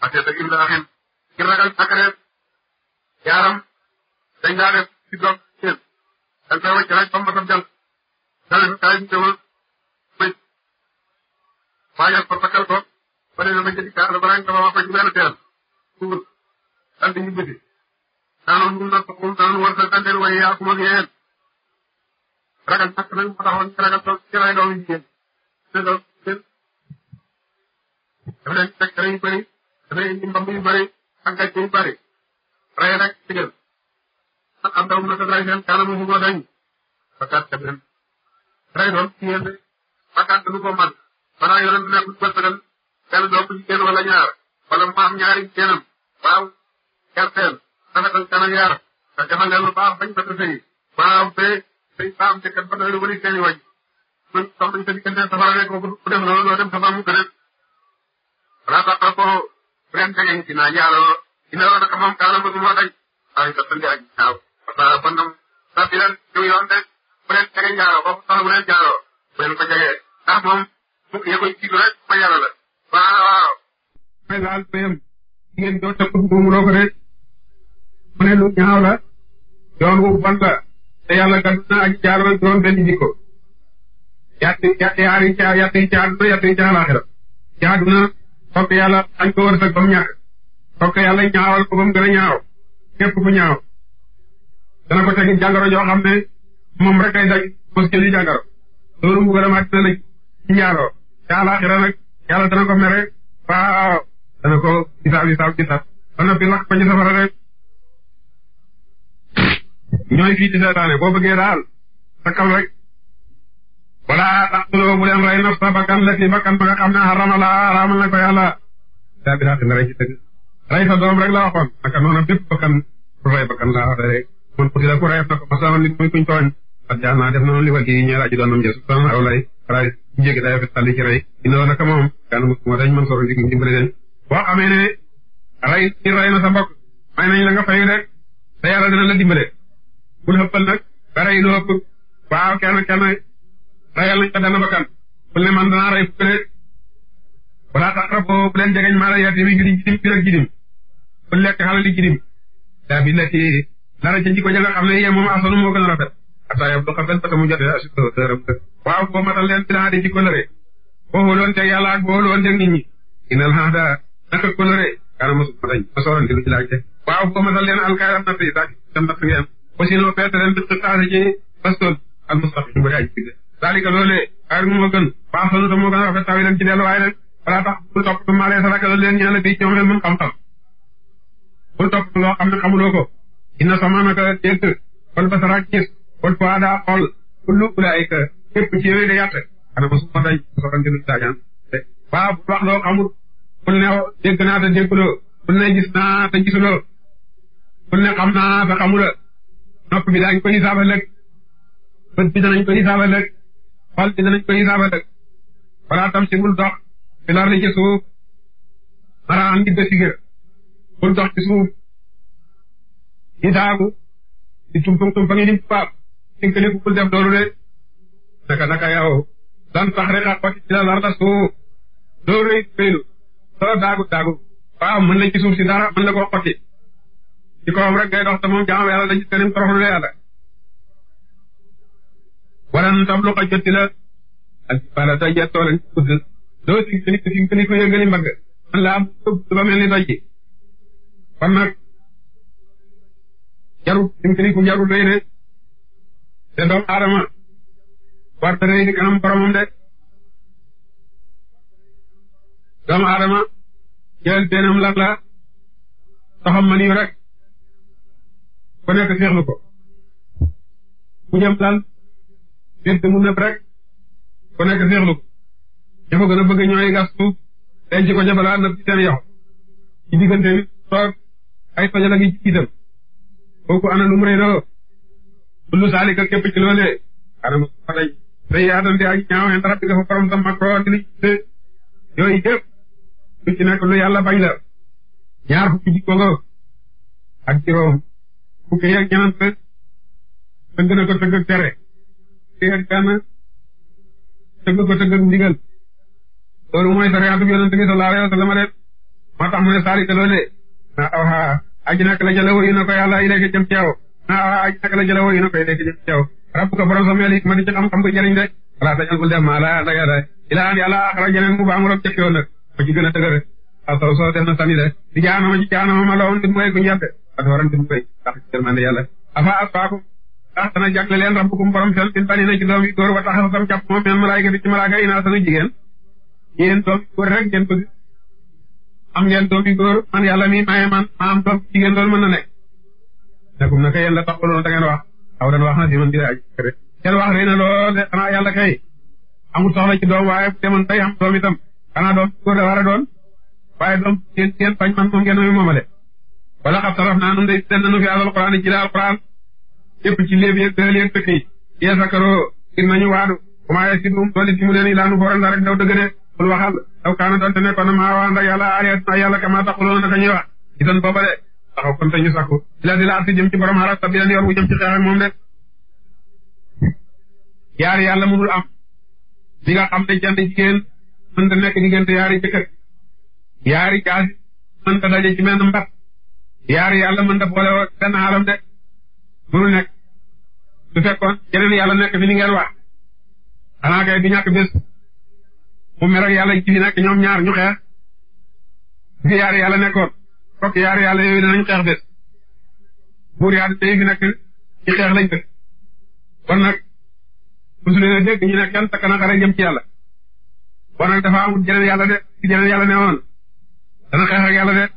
parce que dëgg im daa xin ngir ragal ak reet yaaram dañ daa def ci doom seen dañ koy wàcc rek bam ba sam jàll dañ kaay ñu teewal bëj waajal ko takkal ko fële na ma jënd kaar la balaa ñu ko wax rek ñu mel ne teel suuf daal di ñu jënd. naanoon ñu naan moom war sa tànneel waaye yaa ko moom yéen ragal ñàkk nañ moo taxoon ñu ragal ci ray doom yi jigéen. dina doon jël daf leen fekk rey yu bëri dafay indi mbamb yu mu ko dañ bakkaat dem leen ko man balaa yonent nekk du ko sagal kenn dopp ci kenn wala ñaar wala mu am ñaari kennam waaw kerteen rafetal kenn ak yar te defal leen lu baax bañ ba te sëyi waaw te sëy faam te kat ba doy lu bëri seen i waj mun sox nañ sa diggante safara rek ku def loolu doo dem safara mu gën a wala tax ko ren tegeñ ci naa jaaloo ina loo naka moom kaala bëgg moo daj waaye ka sëndi ak ñaaw parce que bon sa bi leen jiw yoon de bu leen tegeñ jaaloo boobu sax bu leen jaaloo bu leen ko jegee ndax moom mu yëgoy jiitu rek ba yàlla waaw. mooy daal payam jigéen doon te bëgg mënuloo ko rek mu ne lu ñaaw la yoon wu bon la te yàlla gàddu na ak jaaral juróom benn jikko yàtt yaar yi ca yàtt yi ca àdduna yàtt yi ca àllaaxira ca àdduna fokk yàlla añ ko wërsëg ba mu yàlla ñaawal ko ba mu gën a ñaaw képp ku ñaaw dana ko tegi jàngoro joo xam ne moom rek lay mos jëli jàngoro loolu mu gën a màcc na la ci yàlla dana ko mere waaw dana ko isaab isaab ji sax ba noppi lakk ko ci safara rek ñooy fii di seetaane boo bëggee daal sakkal rek wala taqtuloo bu leen rey nafsa bakkan la si bakkan ba nga xam ne xarama la na ko yàlla daa bi xaqi na rey ci dëgg rey sa doom rek la waxoon naka noonu bépp bakkan bu rey bakkan la rey man ku di ku reyef na ko masalan nit muy kuñ tooñ xajaa naa def noonu li wàllu yi ñu laaj doon nañu jël moom moo tax ñu mën soro dimbale leen boo xamee ne rey na sa mbokk may nañ la nga fayu rek te yàlla dina la dimbale. bul xëppal nag ba rey lu ëpp kenn kenn reyal nañ ko dana bakkan bul ne man danaa rey fukk de wala tax raboo bu leen jegeñ maala yatim yi ngir jidim ngir ak jidim bul lekk xalali jidim daa bi la ci dara ca jikko xam ne yee moom asanu moo gën a rafet ataaya bu xafel ba mu jotee asitoo dërëm waaw boo matal leen dinaa di ci kolore boo wóoloon teg yàlla ak boo wóoloon teg nit ñi inal xaada naka kolore kana mosu ma dañ ma sooroon di lu ci waaw boo matal leen alkaay am na fi dak tam natt ngeen aussi noo perte leen bi xisaase ci bastoon al mustaqim bari aj digg daalika loolee xayr mu ma gën baax sonu ta moo gën a rafet tawi leen ci delluwaay leen wala tax bul topp bul topp loo xam ne ko inna sama naka kon foo daa xool kullu ulaayika képp ci yooyu de yàq xanaa mosuma day soxal ngeen daajaan waaw bu wax loo xamul bul ne dégg naa te dégguloo bul ne gis naa te gisuloo bul ne xam naa te xamuloo bi daañu ko hisaaba lëg bët bi danañ ko hisaaba lëg xol bi danañ ko hisaaba lëg wala tam bul dox fi lar ni ci suuf mara am di bul dox ci suuf di daagu di tumfang tumfangi di baab dénk ne bul def loolu de naka naka yow lan tax rek a xotti ci la lar la suuf loolu lay béyu soo daagu daagu waaw mën na ci suuf si dara mën na koo xotti ci kawam rek ngay dox te moom jaamam yàlla dañu tenim toroxlu la yàlla walan tablu ko jotti la ak bala doj ya toolan ci gudd doo si gëni si gëni ko yëngëni mbagg man laa bëgg ba mel ni doj ji kon nag jarul si gëni ku jarul day rek te doomu aadama war na rëy di kanam boromam de doomu aadama jël benam lan la soxam man yu rek ku nekk seexlu ko mu jëm lan biir mu nëb rek ku nekk seexlu ko ña ko gën a bëgg ñooy gas suuf denc ko ca balaa nëb ci seen yox ci diggante bi toog ay tojala gi ci itam kooku ana lu mu kullu zalika képp ci loolee xanaa xanaa day yaatal di ak ñaaw en rabbi dafa borom tam la ñaar fukki na ko tëgg la jële wayu ci yow ah ay naka la jëlee woo yi na koy nekk ñu teew rabbu ko borom sa mel yi ma di ci xam xam ko jëriñ de wala dañu ko dem ala daga da ila an yàlla axara jeneen mu baamu rek ci yoon nag ma ci gën a dëgër asaw soo dem na sani de di jaanama a jaanama ma lawoon dim mooy ku njabde at waran dim koy ndax jërmande yàlla afa ataakum ndax dana jàgle leen rabbukum borom sel bin bani na ci doom yi góor wa taxa sam jàpp moom men malaayka di malaaka ina sanu jigéen yéen doom yi góor rek ngeen bëgg am ngeen doom yi man yàlla mi maye man ma am doom jigéen loolu mën na nekk nekum na kay yéen la taxuloon da ngeen wax aw dan wax na si man di aj rek seen wax rëy na lool de xanaa yàlla kay amul soxla ci doom waaye demoon tey am doom itam xanaa doom góor la war a doon waaye doom seen seen fañ man moom ngeen may moomale wala xam saraf naa nun day den nanu fi àlal quraan yi yee sakaroo ngir nañu waadu commencé si dum dooli si mu leen i laanu foral la rek daw dëgg de bul waxal daw kaana doonte nekkoon na maa waa ndax yàlla aaliatuna yàlla kama taxuloona naka ñuy wax ci taxaw kon ñu sakku ila di la arti jëm ci borom xaral bi leen yor bu jëm ci xeex ak moom de yaari yàlla mënul am li nga xam ne jënd jigéen mënta nekk diggante yaari jëkkër yaari jaasi mënta daje ci menn mbat yaari yàlla mënta boole benn alam de mënul nekk su fekkoon yeneen yàlla nekk fi ni ngeen wax xanaa kay du mu mer ak yàlla ji fi ñoom ñaar ñu xeex fi yaari yàlla nekkoon fokk yaar yàlla yooyu danañ xeex de buur yaa day fi nekk ci xeex lañ def kon nag mosu leen a ñu ne kenn takk na xare ci yàlla kon nag dafa amul jeneen yàlla de ci jeneen yàlla ne woon ba xeex ak yàlla xeex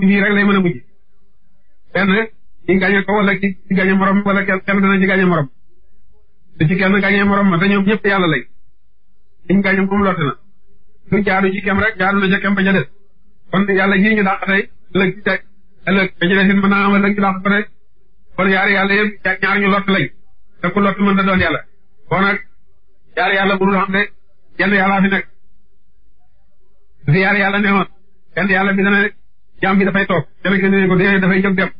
bi fii rek lay mën a benn ci ko wala ci ci gàñe morom wala kenn kenn dana ci morom te kenn gàñe morom ma te ñoom ñëpp yàlla lañ liñ gàñe moom na ñu jaaru ci rek jaaru lu ca kem kon yàlla ji ñu dàq tey ëllëg ci teg ëllëg ba ci des it mën naa am ëllëg ñu dàq ko rek kon yaari yàlla yëpp ñaar ñu lott lañ te de genn yàllaa fi nekk fi yaari yàlla newoon genn yàlla bi dana jàmm bi dafay toog dana gën ko dee dafay jóg dem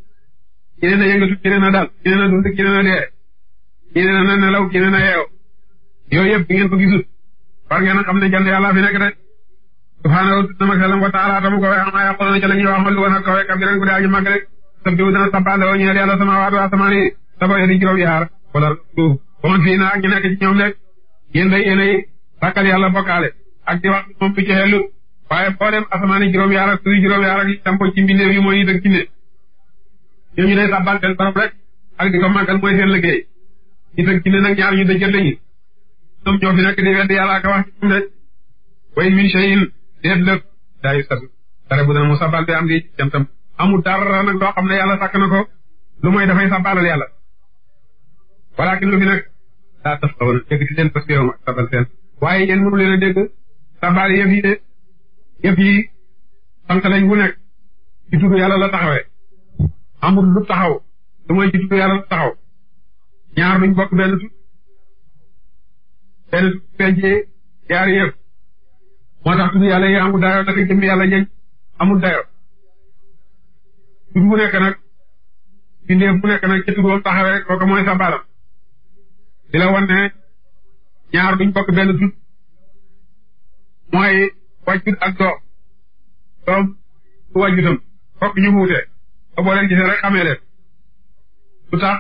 keneen a yëngatu keneen a dal keneen a dund keneen a dee keneen a nelaw keneen a yeew yooyu bi ngeen ko gisut far ngeen a xam ne jant yàlla fi nekk de subhaanahu nama wa taala tamu ko am ay xoloon ca la ñuy wax ma lu woon ak kawe kabiran gu de aji màgg rek sabbihu dana sabbaale ñeel yàlla sama waatu asamaani saba yi di juróom yaar wala suuf ba man fii ak ñu nekk ci rek yéen day yéenay sàkkal yàlla bokkaale ak di wax moom du ci xellu waaye asamaani juróom yaar ak suuf juróom yaar ak li tampo ci mbindeef yi mooy dëkk ci ne ñoom ñu day sabbaal seen borom rek ak di ko màggal mooy seen ñoom ñoo fi nekk di wedd yàlla ak a wax ci de way min shay'in def lëf daayu sat dara bu dana mu sabal bi am di jantam amul dara nag loo xam ne yàlla sàkk na ko lu mooy dafay sabalal yàlla walakin lu fi nag daa taf xawoon dégg ci seen parce sabal seen waaye yéen mënu leen a dégg sabal yëf yi de yëf bu nekk ci tudd la taxawee amul lu taxaw lu mooy ci tudd la taxaw ñaar duñ bokk benn benn du feejee jaar yëpp moo tax tudd yàlla yi dayo naka jëm yàlla jëj amul dayo tur bu nekk nag bindeef bu nekk nag ca turam taxawee kooku mooy sabaalam di la ñaar duñ bokk benn tut mooy wàjjut ak doom doom du wàjjutam fokk ñu wuute ba boo rek xamee leen tax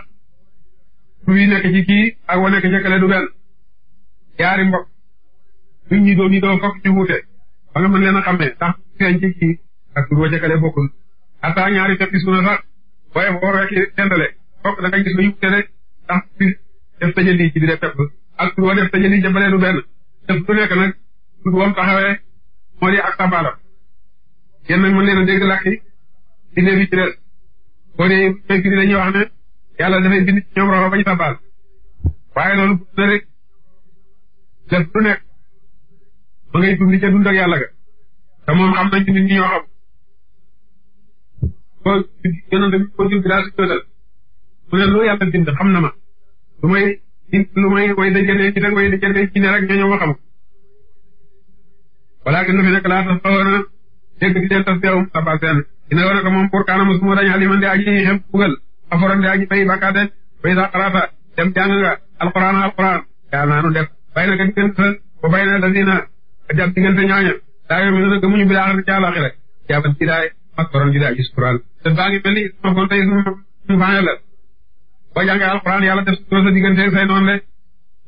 tur yi nekk ci kii ak wa nekk ca du benn yaari mbokk nit ñi doon ñu doon fokk ci wuute ba mën leen a xamee ndax feeñ ci ak tur wa ca kale bokkul ata ñaari te pisu na sax waaye boo rekk dendale fokk da nga gis luy wuute rek ndax pis def tajali ci pepp ak tur wa def tajali ca balee du benn def du nekk nag tur wam taxawee moo di ak tabalam yéen mën leen a dégg làkki di ne bi ci des boo dee koy wax ne yàlla dafay bind ci ñoom roxo bañ tabaal waaye loolu bu rek def lu nekk ba ngay dund ca dund ak yàlla ga te moom xam nañu nit ñi ñoo xam boo yonente bi boo jël bi daal di jëlal mu ne lu yàlla bind xam na ma lu may lu may way dajalee ci rek way dajalee ci ne rek ñoo ñoo ma xam ko walaa gën na fi nekk laa tax xawoona dégg di leen tas teewum saba seen dina wane ko moom pour kaana mosuma dañ aliman di aji xem bugal aforan di aji bay bàkkaate bay sa xaraata dem jàng nga alquran alquran yaa naanu def bay na ka diggante ba bay na ladina jàpp diggante ñooña daa yoo mi na gëmuñu bi laaxar ci àlaxira jàppal ci daay ak koron ji daay gis Quraan te baa ngi mel ni sama kon tey sama faane la boo jàngee alquran yàlla def sutura sa diggante say noonu de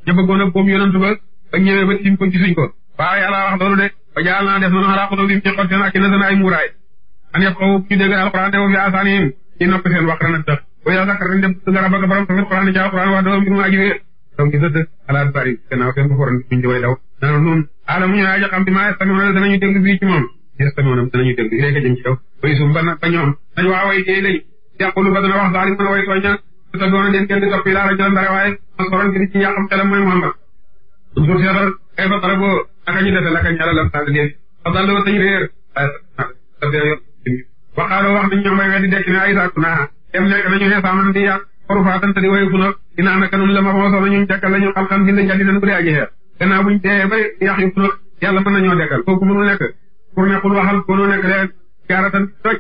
ñu bëggoon a boobu yonantu ba ba ñëwee ba tiim ko gisuñ ko waaw yàlla wax loolu de ba jaal naa def noonu xalaa xolo bi ñu xol seen ak na seen ay muuraay an yaf xaw ñu dégg alquran de wa fi asaanihim ci nopp seen wax rana tax doom gi sëdd alaat bari gannaaw seen boforon bi ñu di way daw naan noonu aalamu ñu aja xam bi maa yestamiuna danañu dégg bii ci moom yestamiuna danañu dégg ilay ka jëm ci yow bay ba ba ñoom nañ waa way déy lañ yàqulu ba dana wax daali mën a way tooña su a den kenn di topp yi laara jëlam dara waaye masoron gi di ci yàqam xelam mooy Muhammad um su seetal kay a tara boo naka ñu defe naka ñu ala lam sag léegi fa dalloo tañ réer waxaaloo wax nañ ñoom bay weddi dekk ne ay saaku naa dem nekk di yàq xoru faatante di wayu fu inaa naka nun la ma moo soona ñun dekkal la ñun alxam xin da jadi dan bu dee aji xeer gannaaw buñ dee ba yax yu tuna yàlla mën nañoo dekkal kooku mënul nekk pour ne xul nekk leen jaaratan toj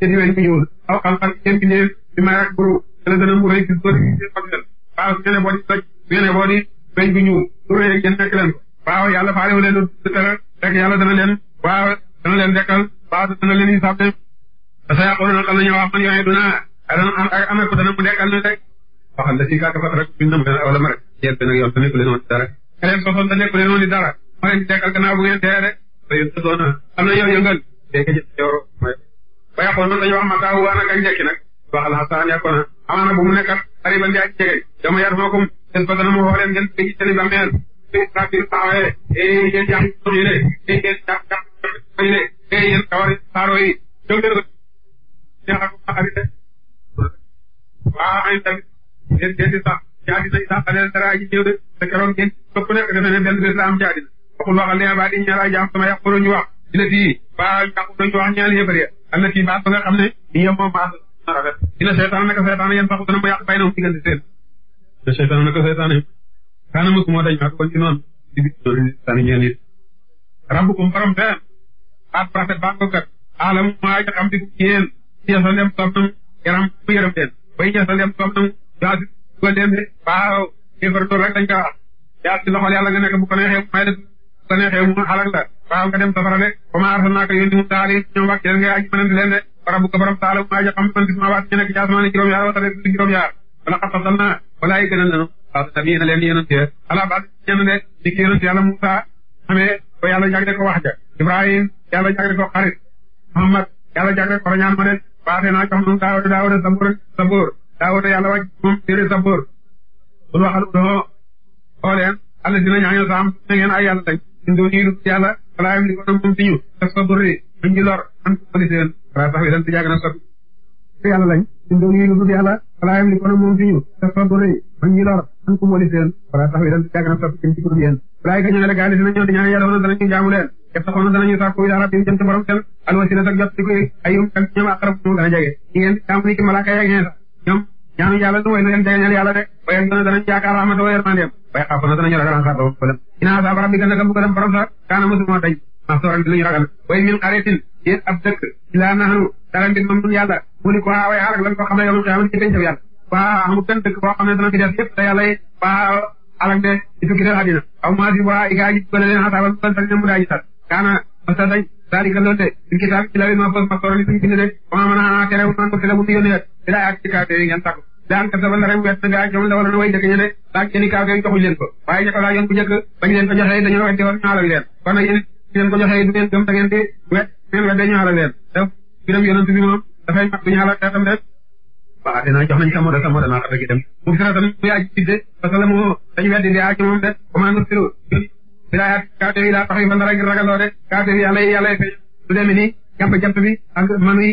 bu ñuul aw alxam kenn bindee bi ma yak buru dana dana mu rëy si góor si xoteel waaw su ngeen boo di toj su ngeen boo di weñ bu ñuul lu rëy ngeen nekk leen ko waaw yàlla faarewu leen lu tere rek yàlla dana leen waaw dana leen dekkal waaw dana leen i sàppe parce que yàqoona na xam nañoo wax man yooye na waxal la si kàkk fa rek biñ dem benn wala ma rek yéen nag yoon te nekkuleen woon dara. nga leen sosoon te nekkuleen woon dara. moo leen dekkal gannaaw bu ngeen dee rek. te yéen sosoo na am na yow yëngal. dégg nga jëf yow mooy. ba yàqoon noonu dañu wax ma taawu waa nag ak njëkk nag. waxal xasaan yàqoon na. amaana bu mu nekkat xari ba njaay jege. dama yar moo ko seen fa dana ma wax leen ngeen dégg seen i bàmmeel. ngeen rafetlu taxawee. ngeen jàpp suuf yi de. ngeen jàpp jàpp suuf yi de. ngeen kawar saaro yi. jóg leen ko. waaw ay tamit ngeen ngeen di sax jaadina sax alal dara aji néew de te keroog ngeen topp ne defe ne benn bés la am jaadina waxul waxal ne ba di ñaar ay jaam sama yàqu ñu wax dina tii ba yàqu dañu wax ñaan yëpp rek allah tii baat ba nga xam ne di yow maas na rafet dina seetaan naka seetaan yéen sax dana ma yàq na mu diggante seen te seetaan naka seetaan yi kaana mësu moo dañ ak kon ci noonu di bi tani ñeen it rabbukum borom seen baat rafet baat ko kat aalamu maa xam di yéen ñeesal dem soom nam yaram mu yaram leen bay ñeesal dem soom jaasi ko dem de waaw kéefar loolu rek dañ ko wax jaas ci a yàlla nga nekk bu ko neexee may def bu ko neexee mu xalak la waaw nga dem safara de comment arsa naaka yónni mu taali ñoom wax yéen nga aji mënante leen de bara bu ko borom taala mu aji xam man si ma waat ñu nekk jaas maa ne juróom yaar wala tare si juróom yaar wala xasal dal naa wala a gënal nanu waaw tamit na leen yonent ye ala ba ñenn de ni ki yonent yàlla Musa amee ko yàlla jagle ko wax ja Ibrahim yàlla daawuda yàlla wàcc moom téere saboor bul waxal udoo oo leen alla dina ñaaño saam na ngeen ay yàlla lañ ñu doon yi lu yàlla walaayam li koona moom fi ñu def sa burri ti yàgg na sot yàlla lañ ñu doon yi lu yàlla walaayam li koona moom fi ñu def sa burri man ñu lor an ku moli seen wala sax wi dan ti yàgg na sot ci ci kuréel yéen ñu ne la gaali dina ñoo di ñaan yàlla woon danañu jaamu leen yëpp taxoon na danañu a jaamu ni ki malaaka yeeg ñeen ñoom ñaanu yàlla du way na leen dañal yàlla de way na danañ yaakaar rahmat wa yërmandeem way xaaf na danañ ragal xaar ba fële ina sa borom bi gën a bu ko dem borom sa kaana mosuma dañ ma sooran dinañ ragal way min xaritin yéen ab dëkk ila naxanu dara mbir moom nun yàlla mu ni a way xarak lan ko xam ne yow xiyam ci pencam yàlla waa amul benn dëkk boo xam ne dana fi def yëpp te yàlla yi waa alak de ci tukki del àddina aw maa waa i gaa ji gën a leen xasaaba ban sax a dinaa àgg ci kaawteef yi ngeen sàkku daan ka sabal na rek wet nga la wala lu way dëkk ñu ne laaj seen i kaawteef yi joxuñ leen ko waaye ña ko laajoon bu njëkk bañ leen ko joxee dañoo weddi war ñaalawi leen kon nag yéen leen ko joxee du da moom dafay mag bu ñaala tam rek waaw dinaa jox nañ samoda samoda naa xata gi mu sira tam muy aji sidde parce que la mu dañu weddi di aji moom de comment nu siro bilayaat kaawteef yi laa tax yi fa ndara ngir ragaloo de kaawteef yi yàlla yàlla feeñ lu demee ni jàpp jàpp bi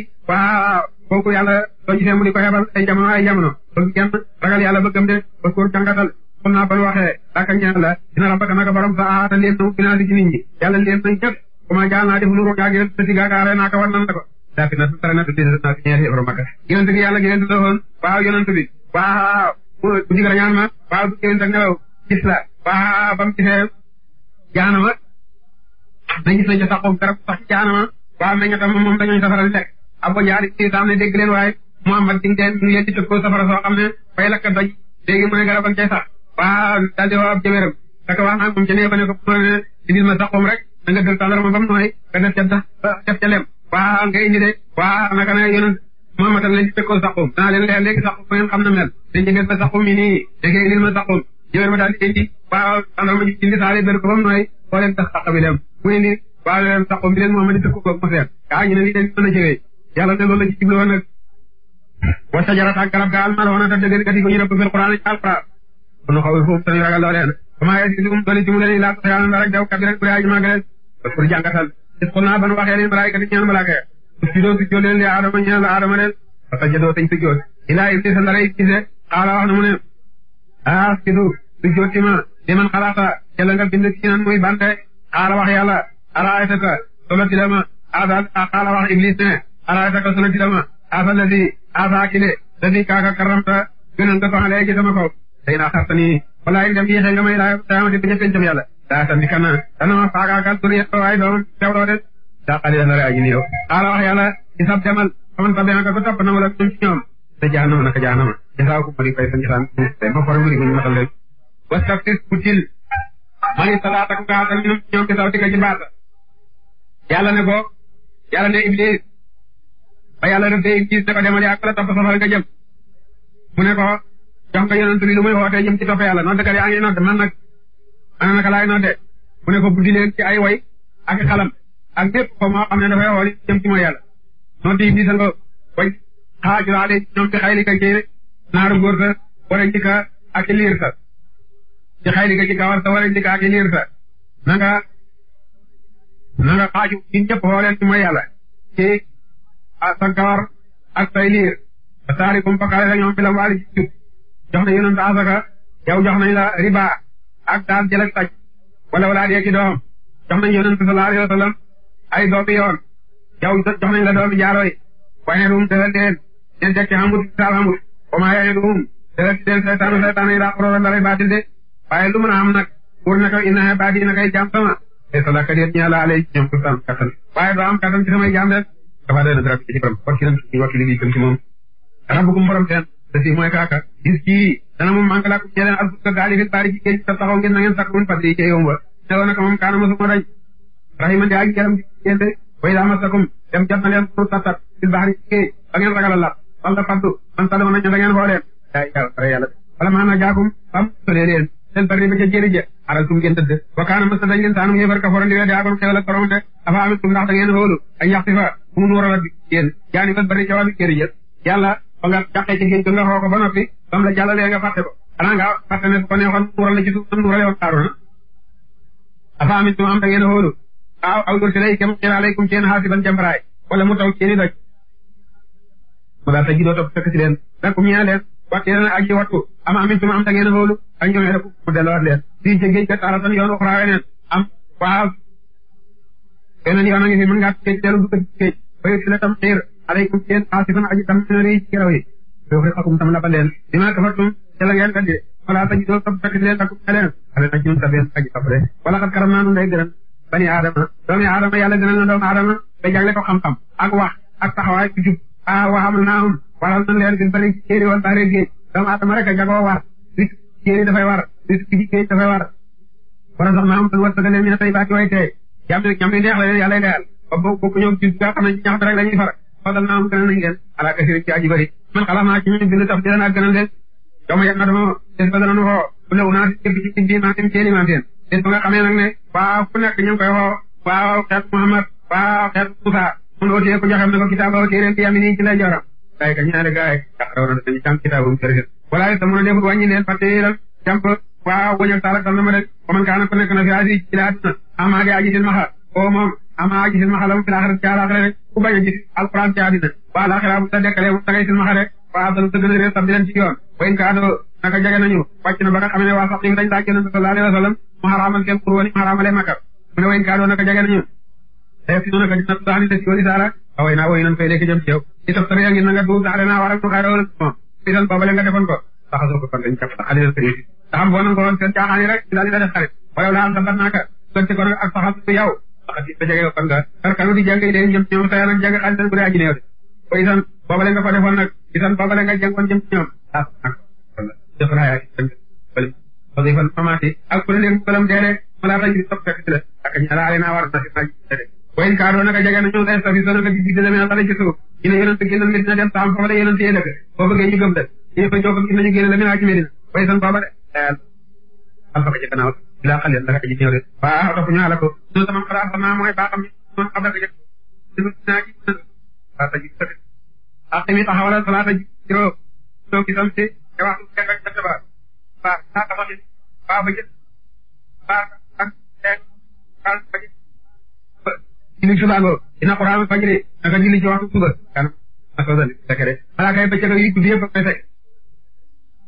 kooku yàlla soo gisee mu di ko xebal ay jamono ay jamono bëgg genn ragal yàlla bëggam de ba ko jàngatal xam naa ban waxee làkka ñaan la dina rabbaka naka borom sa aata leen na binaa si ci nit ñi yàlla leen nañ jëf comment jaa naa def lu roog yaagi ta si gaakaare naa ko war nan la ko daa na su tara na tuddi na si ñeenti borom makka yonent gi yàlla gi leen doon waaw yonent bi waaw bu jigéen ñaan ma waaw bu jigéen ak nelaw gis la waaw ba mu gisee jaanama na gis nañ ca saxoom sax moom dañooñ safaral Abu Jahl itam ne dégg leen waaye Muhammad di ngeen ñu yéen di tëkkoo safara soo xam ne fay lakk doj léegi mu ne garabam cay sax waa daal di woo ab jëmeeram ba ne ko bu ne indil ma saxum rek da nga dël tàndarma ba mu nooy nga def ca da def ca lem waa nga indi de waa naka na yonent Muhammad tam leen di tëkkoo saxum danaa leen leer léegi saxum ngeen xam na mel di indi waa tàndarma ji indi saale bër ko ba mu nooy boo leen tax xaq bi lem mu indi waa leen saxum bi leen Muhammad di tëkkoo ko a yàlla ne loolu la ci jublu woon nag wa sajarata ak garab ga almalwoona ta dëgër gati ko ñu rëbb fil quraan ci alquraan nu xaw foofu tañu ragal looleen fama yasisum doli ci mu leen ilaa soyaan daraj daw kabiran bu aji màggale pour jàngatal is xul naa ban waxee leen malaayka di ñaan malaaka su sidoo su joo leen li aadama ñaan la aadama leen fa sajadoo tañ su joot ilaa iblisa dara iblis de xaala wax na mu ne ah sidu su jootima li ci nan muy bande alaaka sunu ci dama asa la fi asa kile la fi karamta gënoon nga soxla léegi sama kaw tey naa xarta nii walaay dem yéexee nga may laay taamati bi nga wax yàlla isab demal xaman tabe nga ko topp na mu la ñoom ñoom jaanama naka jaanama jasaa ko mali fay sa gisaan ba fara muri muñu matal leen wastaftis butil mani salaata ko gaatal ñoom ci ñoom ci sawtika ci baata yàlla ne ko yàlla ne iblis ba yàlla def tey gis ne ko demal yaa ko la topp safara nga jëm mu ne ko jox nga yonent lu muy wootee jëm ci topp yàlla noddekat yaa ngi nodde man nag ana naka laay nodde mu ne ko buddi leen ci ay way ak xalam ak lépp ko moo xam ne dafay xool jëm ci mooy yàlla nodde yi bisa nga way xaajulaale ñoom ci xayli ka ci naaru góor sa wara njëkka ak ka ci kawar liir sa na nga xaaju ñun ñëpp xooleen ci mooy yàlla sa gawar ak say liir ba saari bu mu bakaale la ñoom bi la waali ci jub jox na yonent asaka yow jox nañ la riba ak daal jël ak taj wala walaat yeeg ci doom jox nañ yonent sallallahu alayhi wa sallam ay doomi yoon yow jox nañ la doomi jaarooy waaye ruum dara deen deen dekk xamut saal xamut comment yaay di deen saytaanu saytaan yi daa xoroon dara baatil de waaye lu mën a am nag buur na ko inna baadi na koy jaam ku sam kattan waaye doo am kattan ci samay jaam rek dafa doy na dara ci borom kon ci lañ ñu wax li ngi jëm ci moom. rabbukum borom seen te si mooy kaaka gis kii dana moom maa ngi laa ko ñeneen fi baari ci na ngeen sàkk mun ci yomb ba ne kaana mosuma dañ raximan di ak yaram ngeen de way daa masakum dem jot na leen pour tattat ci géej ba ngeen ragal a faddu man sadama nañu da ngeen xooleen yaa yàlla pare yàlla wala maa na jaakum fam solee leen seen bari ba ca jëri araltum ngeen tëdd wakkaana mës ta dañ leen saanum xéefar kaforan di wee de akoon xewal ak borom de afa amittum ndax da ngeen xoolu ay yaxti fa mu nuural ak yéen yaani bal bari jawaabi jërëjëf yàlla ba nga jàqee ci xiin ko nga xoo ko ba noppi ba mu la jàllalee nga fàtte ko xanaa nga fàtte ne ko neexoon nuural la ci suuf nuurale woon xaaroona afa amittum am da ngeen xoolu aw aw dur silay kem xir aleykum seen xaasiban jambaraay wala mu taw seeni doj mu daal ta jidoo topp fekk si leen nag ku ñaa leen waxee na aji wattu am amintum am da ngeen xoolu ak ñoom rek mu delluwaat leen fii ci géej kat aratan yoon waxraa weneen am waaw weneen yoon a ngi fi mën ngaa géej teelu dugg géej bayu ti la tam xiir alaykum seen asifan aji na rii ci raw yi doxi xakum tam laba leen di ma kafartum ca la ngeen kat di wala taji doo sab takit leen akum leen ale na ñun sabeen aji kafre wala xat karam naa nun day gërëm bani aadama doomi aadama yàlla gënal na doomu aadama ba jagle ko xam-xam ak wax ak taxawaay ku jub a waxam naahum waral na leen bil bari jéeri wal baare géej doomu a jagoo war nit jéeri dafay war nit war wara sax naa am tan mi ne tay baati way tey jam ñam li neex la leen yàllay dayal ba bokk bokk ñoom ci nga ñax bi lañuy far xoolal naa am gënal nañ leen ala kasiri ci aji bëri man xalaat naa ci ñun bind tax ak gënal leen yowma yem na dama des ba danañu xoo bu lewu naa si képp ci cin bii maa tim jéeli maa teen des ba nga xamee nag ne waaw ku nekk ñu koy xoo waaw xeet Muhammad waaw xeet Moussa mun ootiyee ko joxem ne ko kitaaba téeréen ay ka sa gaay raw na dañu jàng kitaabum sëriñ wala itam mu ne nekkul wàññi neen fàtte ma rek ko man kaana ko nekk na fi asi ci la àdduna ama di aji seen maxa o moom ama aji seen maxa la mu fi laaxira ci àlaxira a ci àddina wa àlaxira bu sa dekkalee moom dangay seen rek waa abdalu sa gën a réer sax ci yoon wayn ka adoo naka jage nañu wàcc na ba nga waa sax ñu dañ laaj yonente sallallahu alayhi away naa woy nan fay léegi jëm ci yow itam dara yaa ngi na nga dugg xale naa waral xale wala moom itam boobale nga defoon ko saxasoo ko kon dañ da xam boo nan ko woon seen caaxaan yi rek i daal di la def xarit wala laa am sabat naaka sotti ko ak saxam su yow saxat yi sa jege kon nga karkanu di jàng leen jëm ci ñoom sa yaram jàng xalila bu dee aji aa dëfnaya wasifa sopp si la ak ñaala ale naa na si naaj wayn kaadoo naka jege nañu lay safi sona la gis dina mel dara ci suuf ñu ne yonent génnal mi dina dem saam foofa la yonent yee dëkk boo bëggee ñu gëm de ñu fa la mi naa ci medina way san booba de al faka ci gannaaw ila ka ci ñëw de waa ñu ala ko ñu sama xalaat sama mooy baaxam mi sama xabla ka jëf salaata ji sëkk aqimi taxawala salaata ji juróom ci te julli subaango dina quraan fajri naka julli ci waxtu suba kan asodal dakare malaaka yi bëccëg yi guddi yëpp koy fekk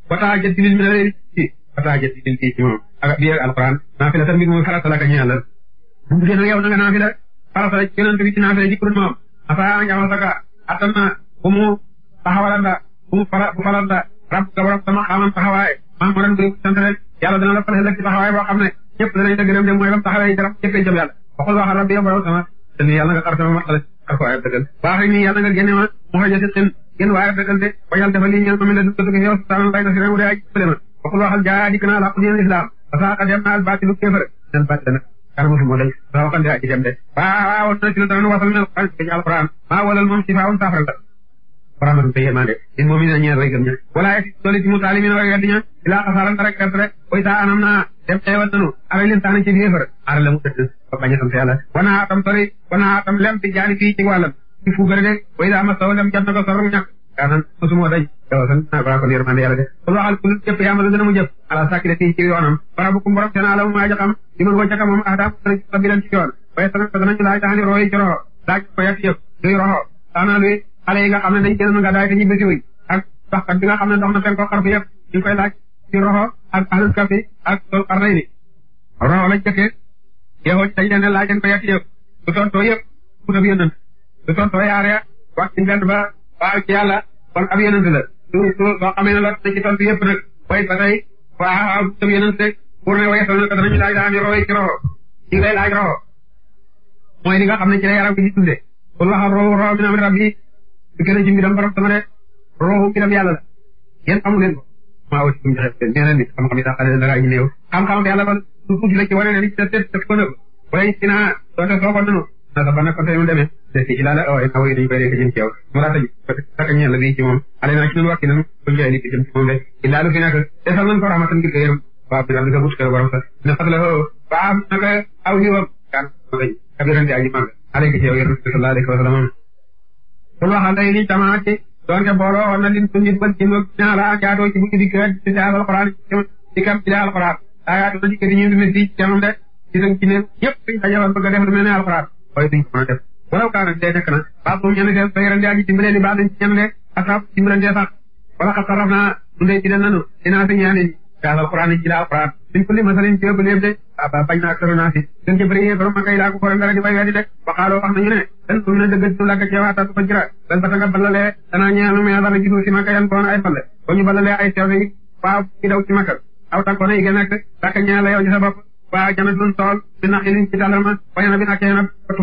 wataa jëtti lil mi na leeri ci wataa jëtti lil ci moom ak bi ak alquran naafila tan mbir la ka ñeel la bu dee nag yow na nga naafila farata la yonent bi ci naafila ji kuréel moom asaa njawa saka attan na bu mu taxawalanda bu mu fara bu falanda rab ga borom sama xamam taxawaay maam mo ran bu sant leen yàlla dana la fal ëllëg ci taxawaay boo xam ne ñëpp danañ la gërëm de mooy bam taxawee dara jëkkee jëm yàlla waxul wax rabbi te ni yàlla nga xar sama ma xar ko ayab dëggal baaxee nii yàlla nga génne ma mu xëj a si seen génn waayab dëggal de ba yàlla defal lii ñeen ma mi la dugg dëgg yow sama mbay nga si ren wu dee ay jëfale ma waxul waxal jaa dikk naa làqu diin islam fasaqa dem naa baatilu kéefër nel bàtte nag kanama fi mu day sa waxante aji dem de waaw waaw na si la dana wasal mel xarit alquran maa walal moom si faawun saafara la raxmatan te yemande in moom i na ñeel way gëm ña wala ek soli si mu taalimiin way weddi ña ilaa xasaaran rek perte rek koy taa anam naa def xeewal nanu alay leen taana ci yéefar aara la mu tëdd ba bañ a sant yàlla wanaa tam sori wanaa tam lem bi jaani fii ci wàllam ci fuugare de way daa ma saw lem na ko sorru ñàkk kaanan mosumoo daj yow san ko kon yërmande yàlla de kon waxal ku jëpp yaamala dana mu jëf ala sakki de yoonam rabbukum borom ale yi nga xam ne dañ génnoon gàddaay te ñu bési bi nga xam ne dox na seen ko xarfu yëpp ñu ngi koy laaj ci roxo ak ahlul kafi ak sol xarnay ni roxo lañ jëkkee yeewoo dañ leen ne laajeen ko yàq yëpp du tontoo yëpp ku ab yonent du tontoo ci benn ba waaw ci yàlla kon ab yonent la du du boo xamee ne na ci tontu yëpp nag way ba tey waaw bu ab yonent rek pour ne way sol na ko danañu laaj daa am roxo ci roxo ñu lay laaj roxo mooy li nga xam ne ci la yaram gi di dundee bi gën a ji mbiram borom sama de mbiram yàlla la yéen xamu leen ko maa wut mu joxe nee na nit xam-xam yi daa xale da ngaa ñu néew xam-xam yàlla la lu tuuti la ci wane ne li ci des def ko nëb waaye si naa doonte soo ko nanu na sa bana côté mu demee te si ilaala waaye naa waaye dañu koy dégg jëm ji saka ñeen la bii ci moom ale naa ci ko joxe li ci jëm ci moom de ilaalu fi nekk desal nañ ko raxmatan ngir ko yërëm waaw bi daal nga wut kër borom sa ne fas la xoo baax naka aw yiwam kan kabiran di aji bul waxal day ni jamaa ci doon nga booloo war na lim suñu bët ci ñoom dinaa la yaatoo ci bukki dikk ci daal alxuraan ci kam ci daal alxuraan daa yaatoo ci kër yi ñu dund ci jamam de ci sëñ ci ne ñëpp dañ dajaloon bëgg a def lu mel ne alxuraan waaye a def walaw kaa nag day nekk baa bu ñenn def bay aji dimbalee ni baa nañ ci ñenn de asaab dimbalante sax wala xasaraf naa dundee ci den nanu dinaa sëñ yaa ne daal alxuraan ci daal alxuraan min kulli masalin ci yëpp lépp de ba bañ na ak sarona si gën ci bëri borom ma ngay laa ko koram dara di way weddi de waxaaloo wax nañu ne dan ko na dëgg ñu làkk ci waxta ko jira dan ba nga balalee danaa ñaanu me dara gisu ci makka yan ay balle ko ñu balalee ay sew yi waa ci daw ci makka aw tan ko na yige nekk làkk ñaa la yow ci sa bopp waa janat lun tool bi na xilin ci dalama wayana bi na kee nag ko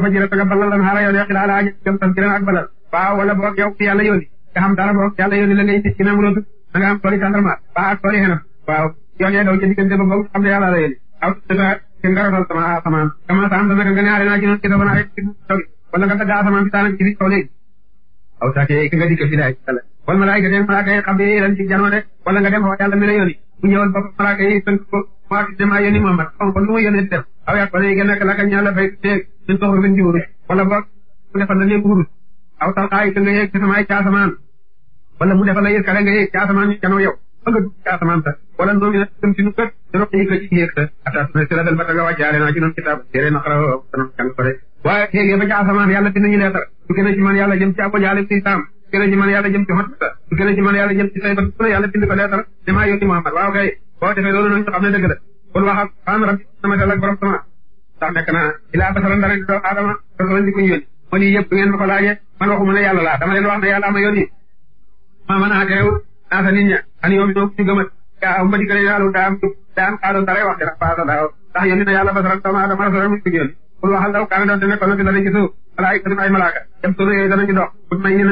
fa jira ta yoonee daw ca diggante ba ba xam ne yàlla la yéene aw dëgg te nga rafetal sama asamaan sama saam dana nga ñaare naa ci noonu ci dafa naa rek ci taw bi wala nga dagg asamaan ci bi taw léegi aw saa nga dikkal fi laay yàlla wala malaayka teen malaaka yi xam ne ci janoo de wala nga dem xaw yàlla mi la yónni bu ñëwal ba malaaka yi tënk ko maa ci demaa yónni Muhammad xam kon lu ma yónnee def aw yàq wala yi gën a laka ñaala fay teeg suñ toxu fin jiwuru wala mu defal la léegi wurus aw tal xaay ka nga yéeg ci sama ay asamaan wala mu defal la yës kale nga yéeg nga dugg ci asamaan sa wala noo ñu ne dem ci nu kët dana ko yëkkati xéeg sa atasna si la bel ba taga wàccaale naa ci noonu kitaab téere naqara danoon jàng ko de waaye xéegee ba ci asamaan yàlla dinañu leetar su gën a ci man yàlla jëm ci abojaale si saam su gën a ci man yàlla jëm ci xot sa su gën a ci man yàlla jëm ci say bat su yàlla bind leetar ne maa yónni Muhammad waaw kay boo defee loolu noonu ñu xam ne dëgg la kon waxal xaan rabbi sama dal ak borom sama ndax nekk naa ilaa a an yoom ñoom ñu gëmal yaa am ma di gën a yaalu daa am daa am xaaloon daray wax de ndax paaloon daa ndax yónni na yàlla basaral doomu aadama rasara mu jógeen pour waxal law kaana doon te na fi danañ ci suuf wala ay katun ay malaaka dem sunu yooyu danañu dox pour may a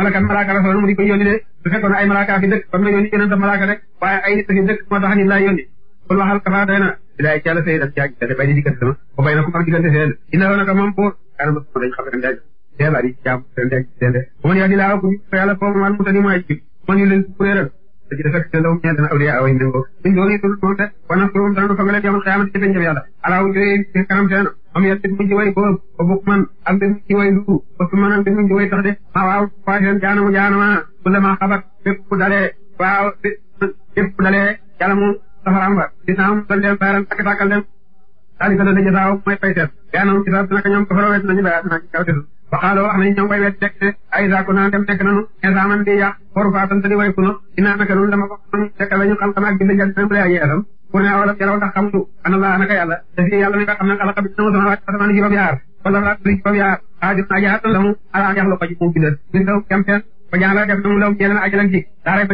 malaaka malaaka mu di ko yónni de su fekkoon ay malaaka fi dëkk kon na malaaka fi dëkk moo tax ñu lay yónni pour waxal kafaa doy na di daay ci yàlla sëy daf ci yàgg bay na ko ak diggante seen inna naka moom teel a di jàpp seen dee seen dee bu ma ñëwaat di laa ko yàlla foofu man mu tënk mu ay ci ma ñu leen kuréeral te ci defek te law ñeent na awliya away ndengoo suñ loolu yi dul moom de wana surum dana du fagale jamal xiyaamat ci pencam yàlla alaaw jooyee mu ci way boobu ba bukk man mu ci way lu ba fi man mu ci way tax ma waaw faa seen jaanamu jaanama ma xabat bépp dalee waaw bépp dalee yàlla mu safaram ba mu dal leen baaral ak sàkkal dem daal di ko doon jësaaw mooy pay seet yaanam ci sax dina ko ñoom ko fa rawet fa xaalo wax nañ ñoom way wet dekte ay saako naa dem nekk nanu insa man di yàq xoru faatan te di way kuno inaa naka nun dama ko xamoon te kawe ñu xam-xam ak bind njàng nam lay aji asam ku ne awala yaraw tax xamtu ana laa naka yàlla dafi yàlla ne nga xam ne xalaqa bi sama sama wàcc asamaan ci fab yaar wala fa ci fab yaar aajur naa jaxatan la mu ala am yaxlu ko ci mu bindal min daw jam teen fa jaala def na mu law ñeelen ajalan ci daaray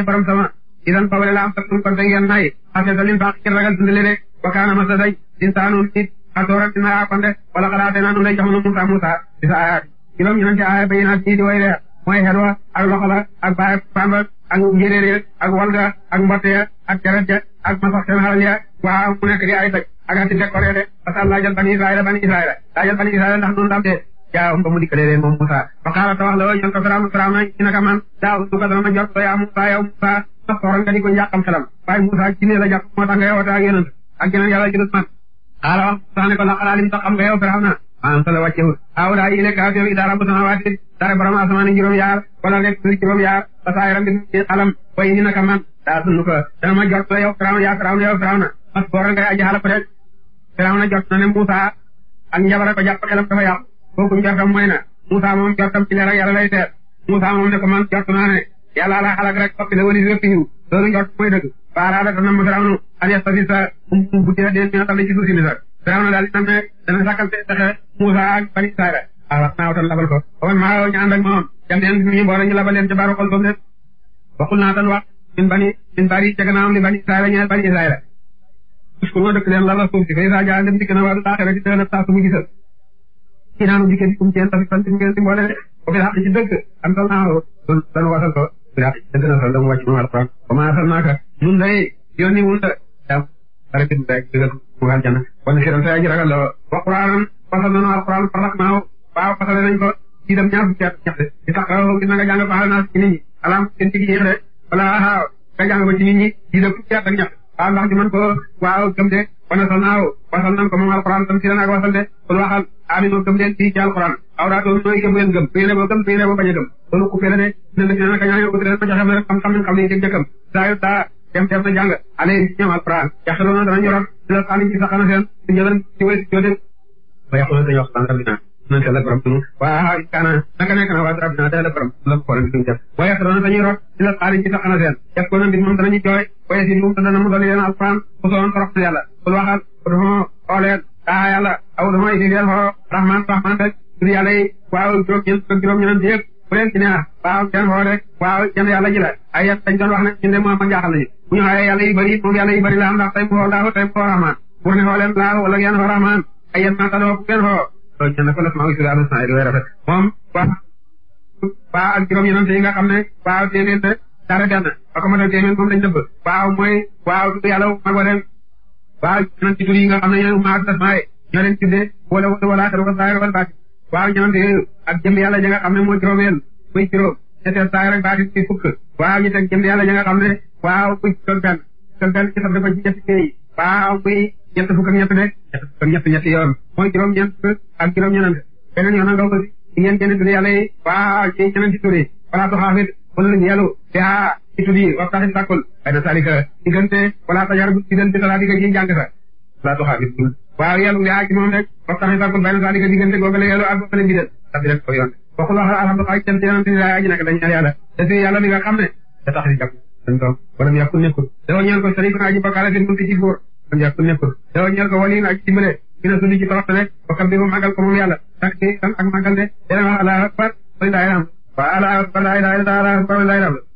ba dee da idan bawale la am sax kon day yan naay parce que lim baax ragal dundale de wa kaana masa day insaanu nit atoora dina akonde wala xalaate naa nu day jox na Musa Musa di ayaat juróom ñeneen ci aaya ba yénaat way reer mooy xel ak loxala ak baay pamba ak njéréer ak walga ak mbotte ak carat ja ak masax seen xalal ya waa mu nekk di ay daj ak a si décoré de parce que laajal bani Israëla bani Israëla laajal bani Israëla ndax noonu daam de mu dikkalee leen moom Musa fa xaala xool nga di ko yàqam xelam waaye Moussa ci ne la jàpp moo tax ngay woote ak yonent ak yeneen yàlla jëlut mat xaala wax sax ne ko laqad alimta xam nga yow firaw na an sala wàccewul aw daa yi nekk afiam idaara bu samawaati dara borom asamaan juróom yaar wala nekk suuf juróom yaar ba saa yaram bi alam way ni naka ko dana jot la yow firaw na yaa firaw na yow firaw na mas booral ngay aji xala ko rek firaw na jot na ne Moussa ak njabara ko jàpp xelam dafa yàqu kooku njortam mooy jot naa yàlla la xalak rek soppi la wali wépp yiw loolu njort mooy dëgg baaraada te namm firawnu an yastafi sa um um bu dina deen ñoo tal ci suuf si ni sax firawna daal dina ne dana sàkkal te texe Muusa ak bani Israayla waaw naa wutal labal ko ba man maa ñu ànd ak moom jam neen mii mboo nañu labal leen ca baaru xol boobu leen waxul naa tan wax min bani min bari ca gannaawam li bani Israayla ñeel bani Israayla uskul ma dëkk leen lala suuf si fay saa mu ci naanu dikkee yaa dëgg na sax mu wàcc moom alquran ba ma asal naaka ñun day yónni wul la yaa pare bi rek dëggal mu aljana kon xiran sa aji ragal la wa quraanan fasal nanu alquran farax naaw waaw fasale nañ ko ci dem ñaar fukki at ñaxte di tax gi na nga jàng ko xale naa ci ñi alaam wala aa nga jàng ko ci nit ñi ci dem fukki at ak ñaxte waaw ndax ñu mën ko waaw gëm de wana sal naaw wasal nan ko moom alquran tam si la naag wasal de kon waxal aminu gëm leen bii ci alxuraan awraatoo nooy gëm leen gëm ku yéene ba gëm ku yéene ba bañ a gëm loolu ku fee la ne ne na naka ñaanee ko leen ma joxe rek xam-xam nañ xam ne jëg jëkkam saa yu saa dem def na jàng ale ñoom alxuraan yaxte loolu dana ñoroon di la sànni ci saxana seen su ñëlan ci wéy joo dén ba yàqu na dañu wax sant rabbina nan te la borom sunu waa kaana naka nekk na waa rabbina te la borom na duñ def ba mu dolli leen ah yàlla aw la may si deel xoo rahman rahman rek tur yàlla yi waaw juróom-ñeent ak juróom-ñeent yëpp bu leen ci neex waaw deel xoo rek waaw jënd yàlla ji la ay yàlla dañ doon wax ne ñun de moom a njaaxal yi bu ñu xoolee yàlla yi bëri moom yàlla yi bëri la am ndax tey mu xoo laahu tey mu xoo rahman pour ne xoo leen laahu wala ngeen xoo rahman ay yéen maa tadoo bu ngeen xoo loolu ñu ne ko lasma usi daal sa di wéy rafet moom waaw ak juróom-ñeent yi nga xam ne waaw téeméer dara benn ba ko matal téeméer moom lañ dëbb waaw mooy waaw yàlla ma ko dem waaw ñonante tur yi nga xam ne ñooy umaat asmaay ñoo leen tuddee wala wala xel wa saayir wal baati waaw ñonante yooyu ak jëm yàlla ja nga xam ne moo juróomeel muy juróom ñetteel saayir ak baati ci fukk waaw ñu teg jëm yàlla ja nga xam ne waaw muy toggan toggan ci sabde ko ci ñetti téy waaw muy ñett fukk ak ñett de ñett fukk ak ñett ñetti yoon mooy juróom ñeent fukk ak juróom ñenante beneen yoon nga aussi di ngeen génn tur yàlla yi waaw ci ñeneen ci tur yi wala tu xaafit wala yàllu itu di waxtaan tàkkul ay na salika diggante wala tajar bu diggante salaatika ji jàng sa laa tuxaabis waaw yàlla yaa ci moom rek waxtaan tàkkul bay na salika diggante googale yàlla ak googale bi del sa bi rek ko yoon waxu la alhamdulilah cant yonent ni laa aji naka dañu yàlla te yàlla mi nga xam ne da tax di jàpp dañ doom wala mu yàkkul nekkul dawoo ñeel ko sarif na aji bakkaale fi munti ci góor wala mu yàkkul nekkul dawoo ñeel ko wali na aji dimbale mi na suli ci toroxte rek wakkam bi ak màggal wa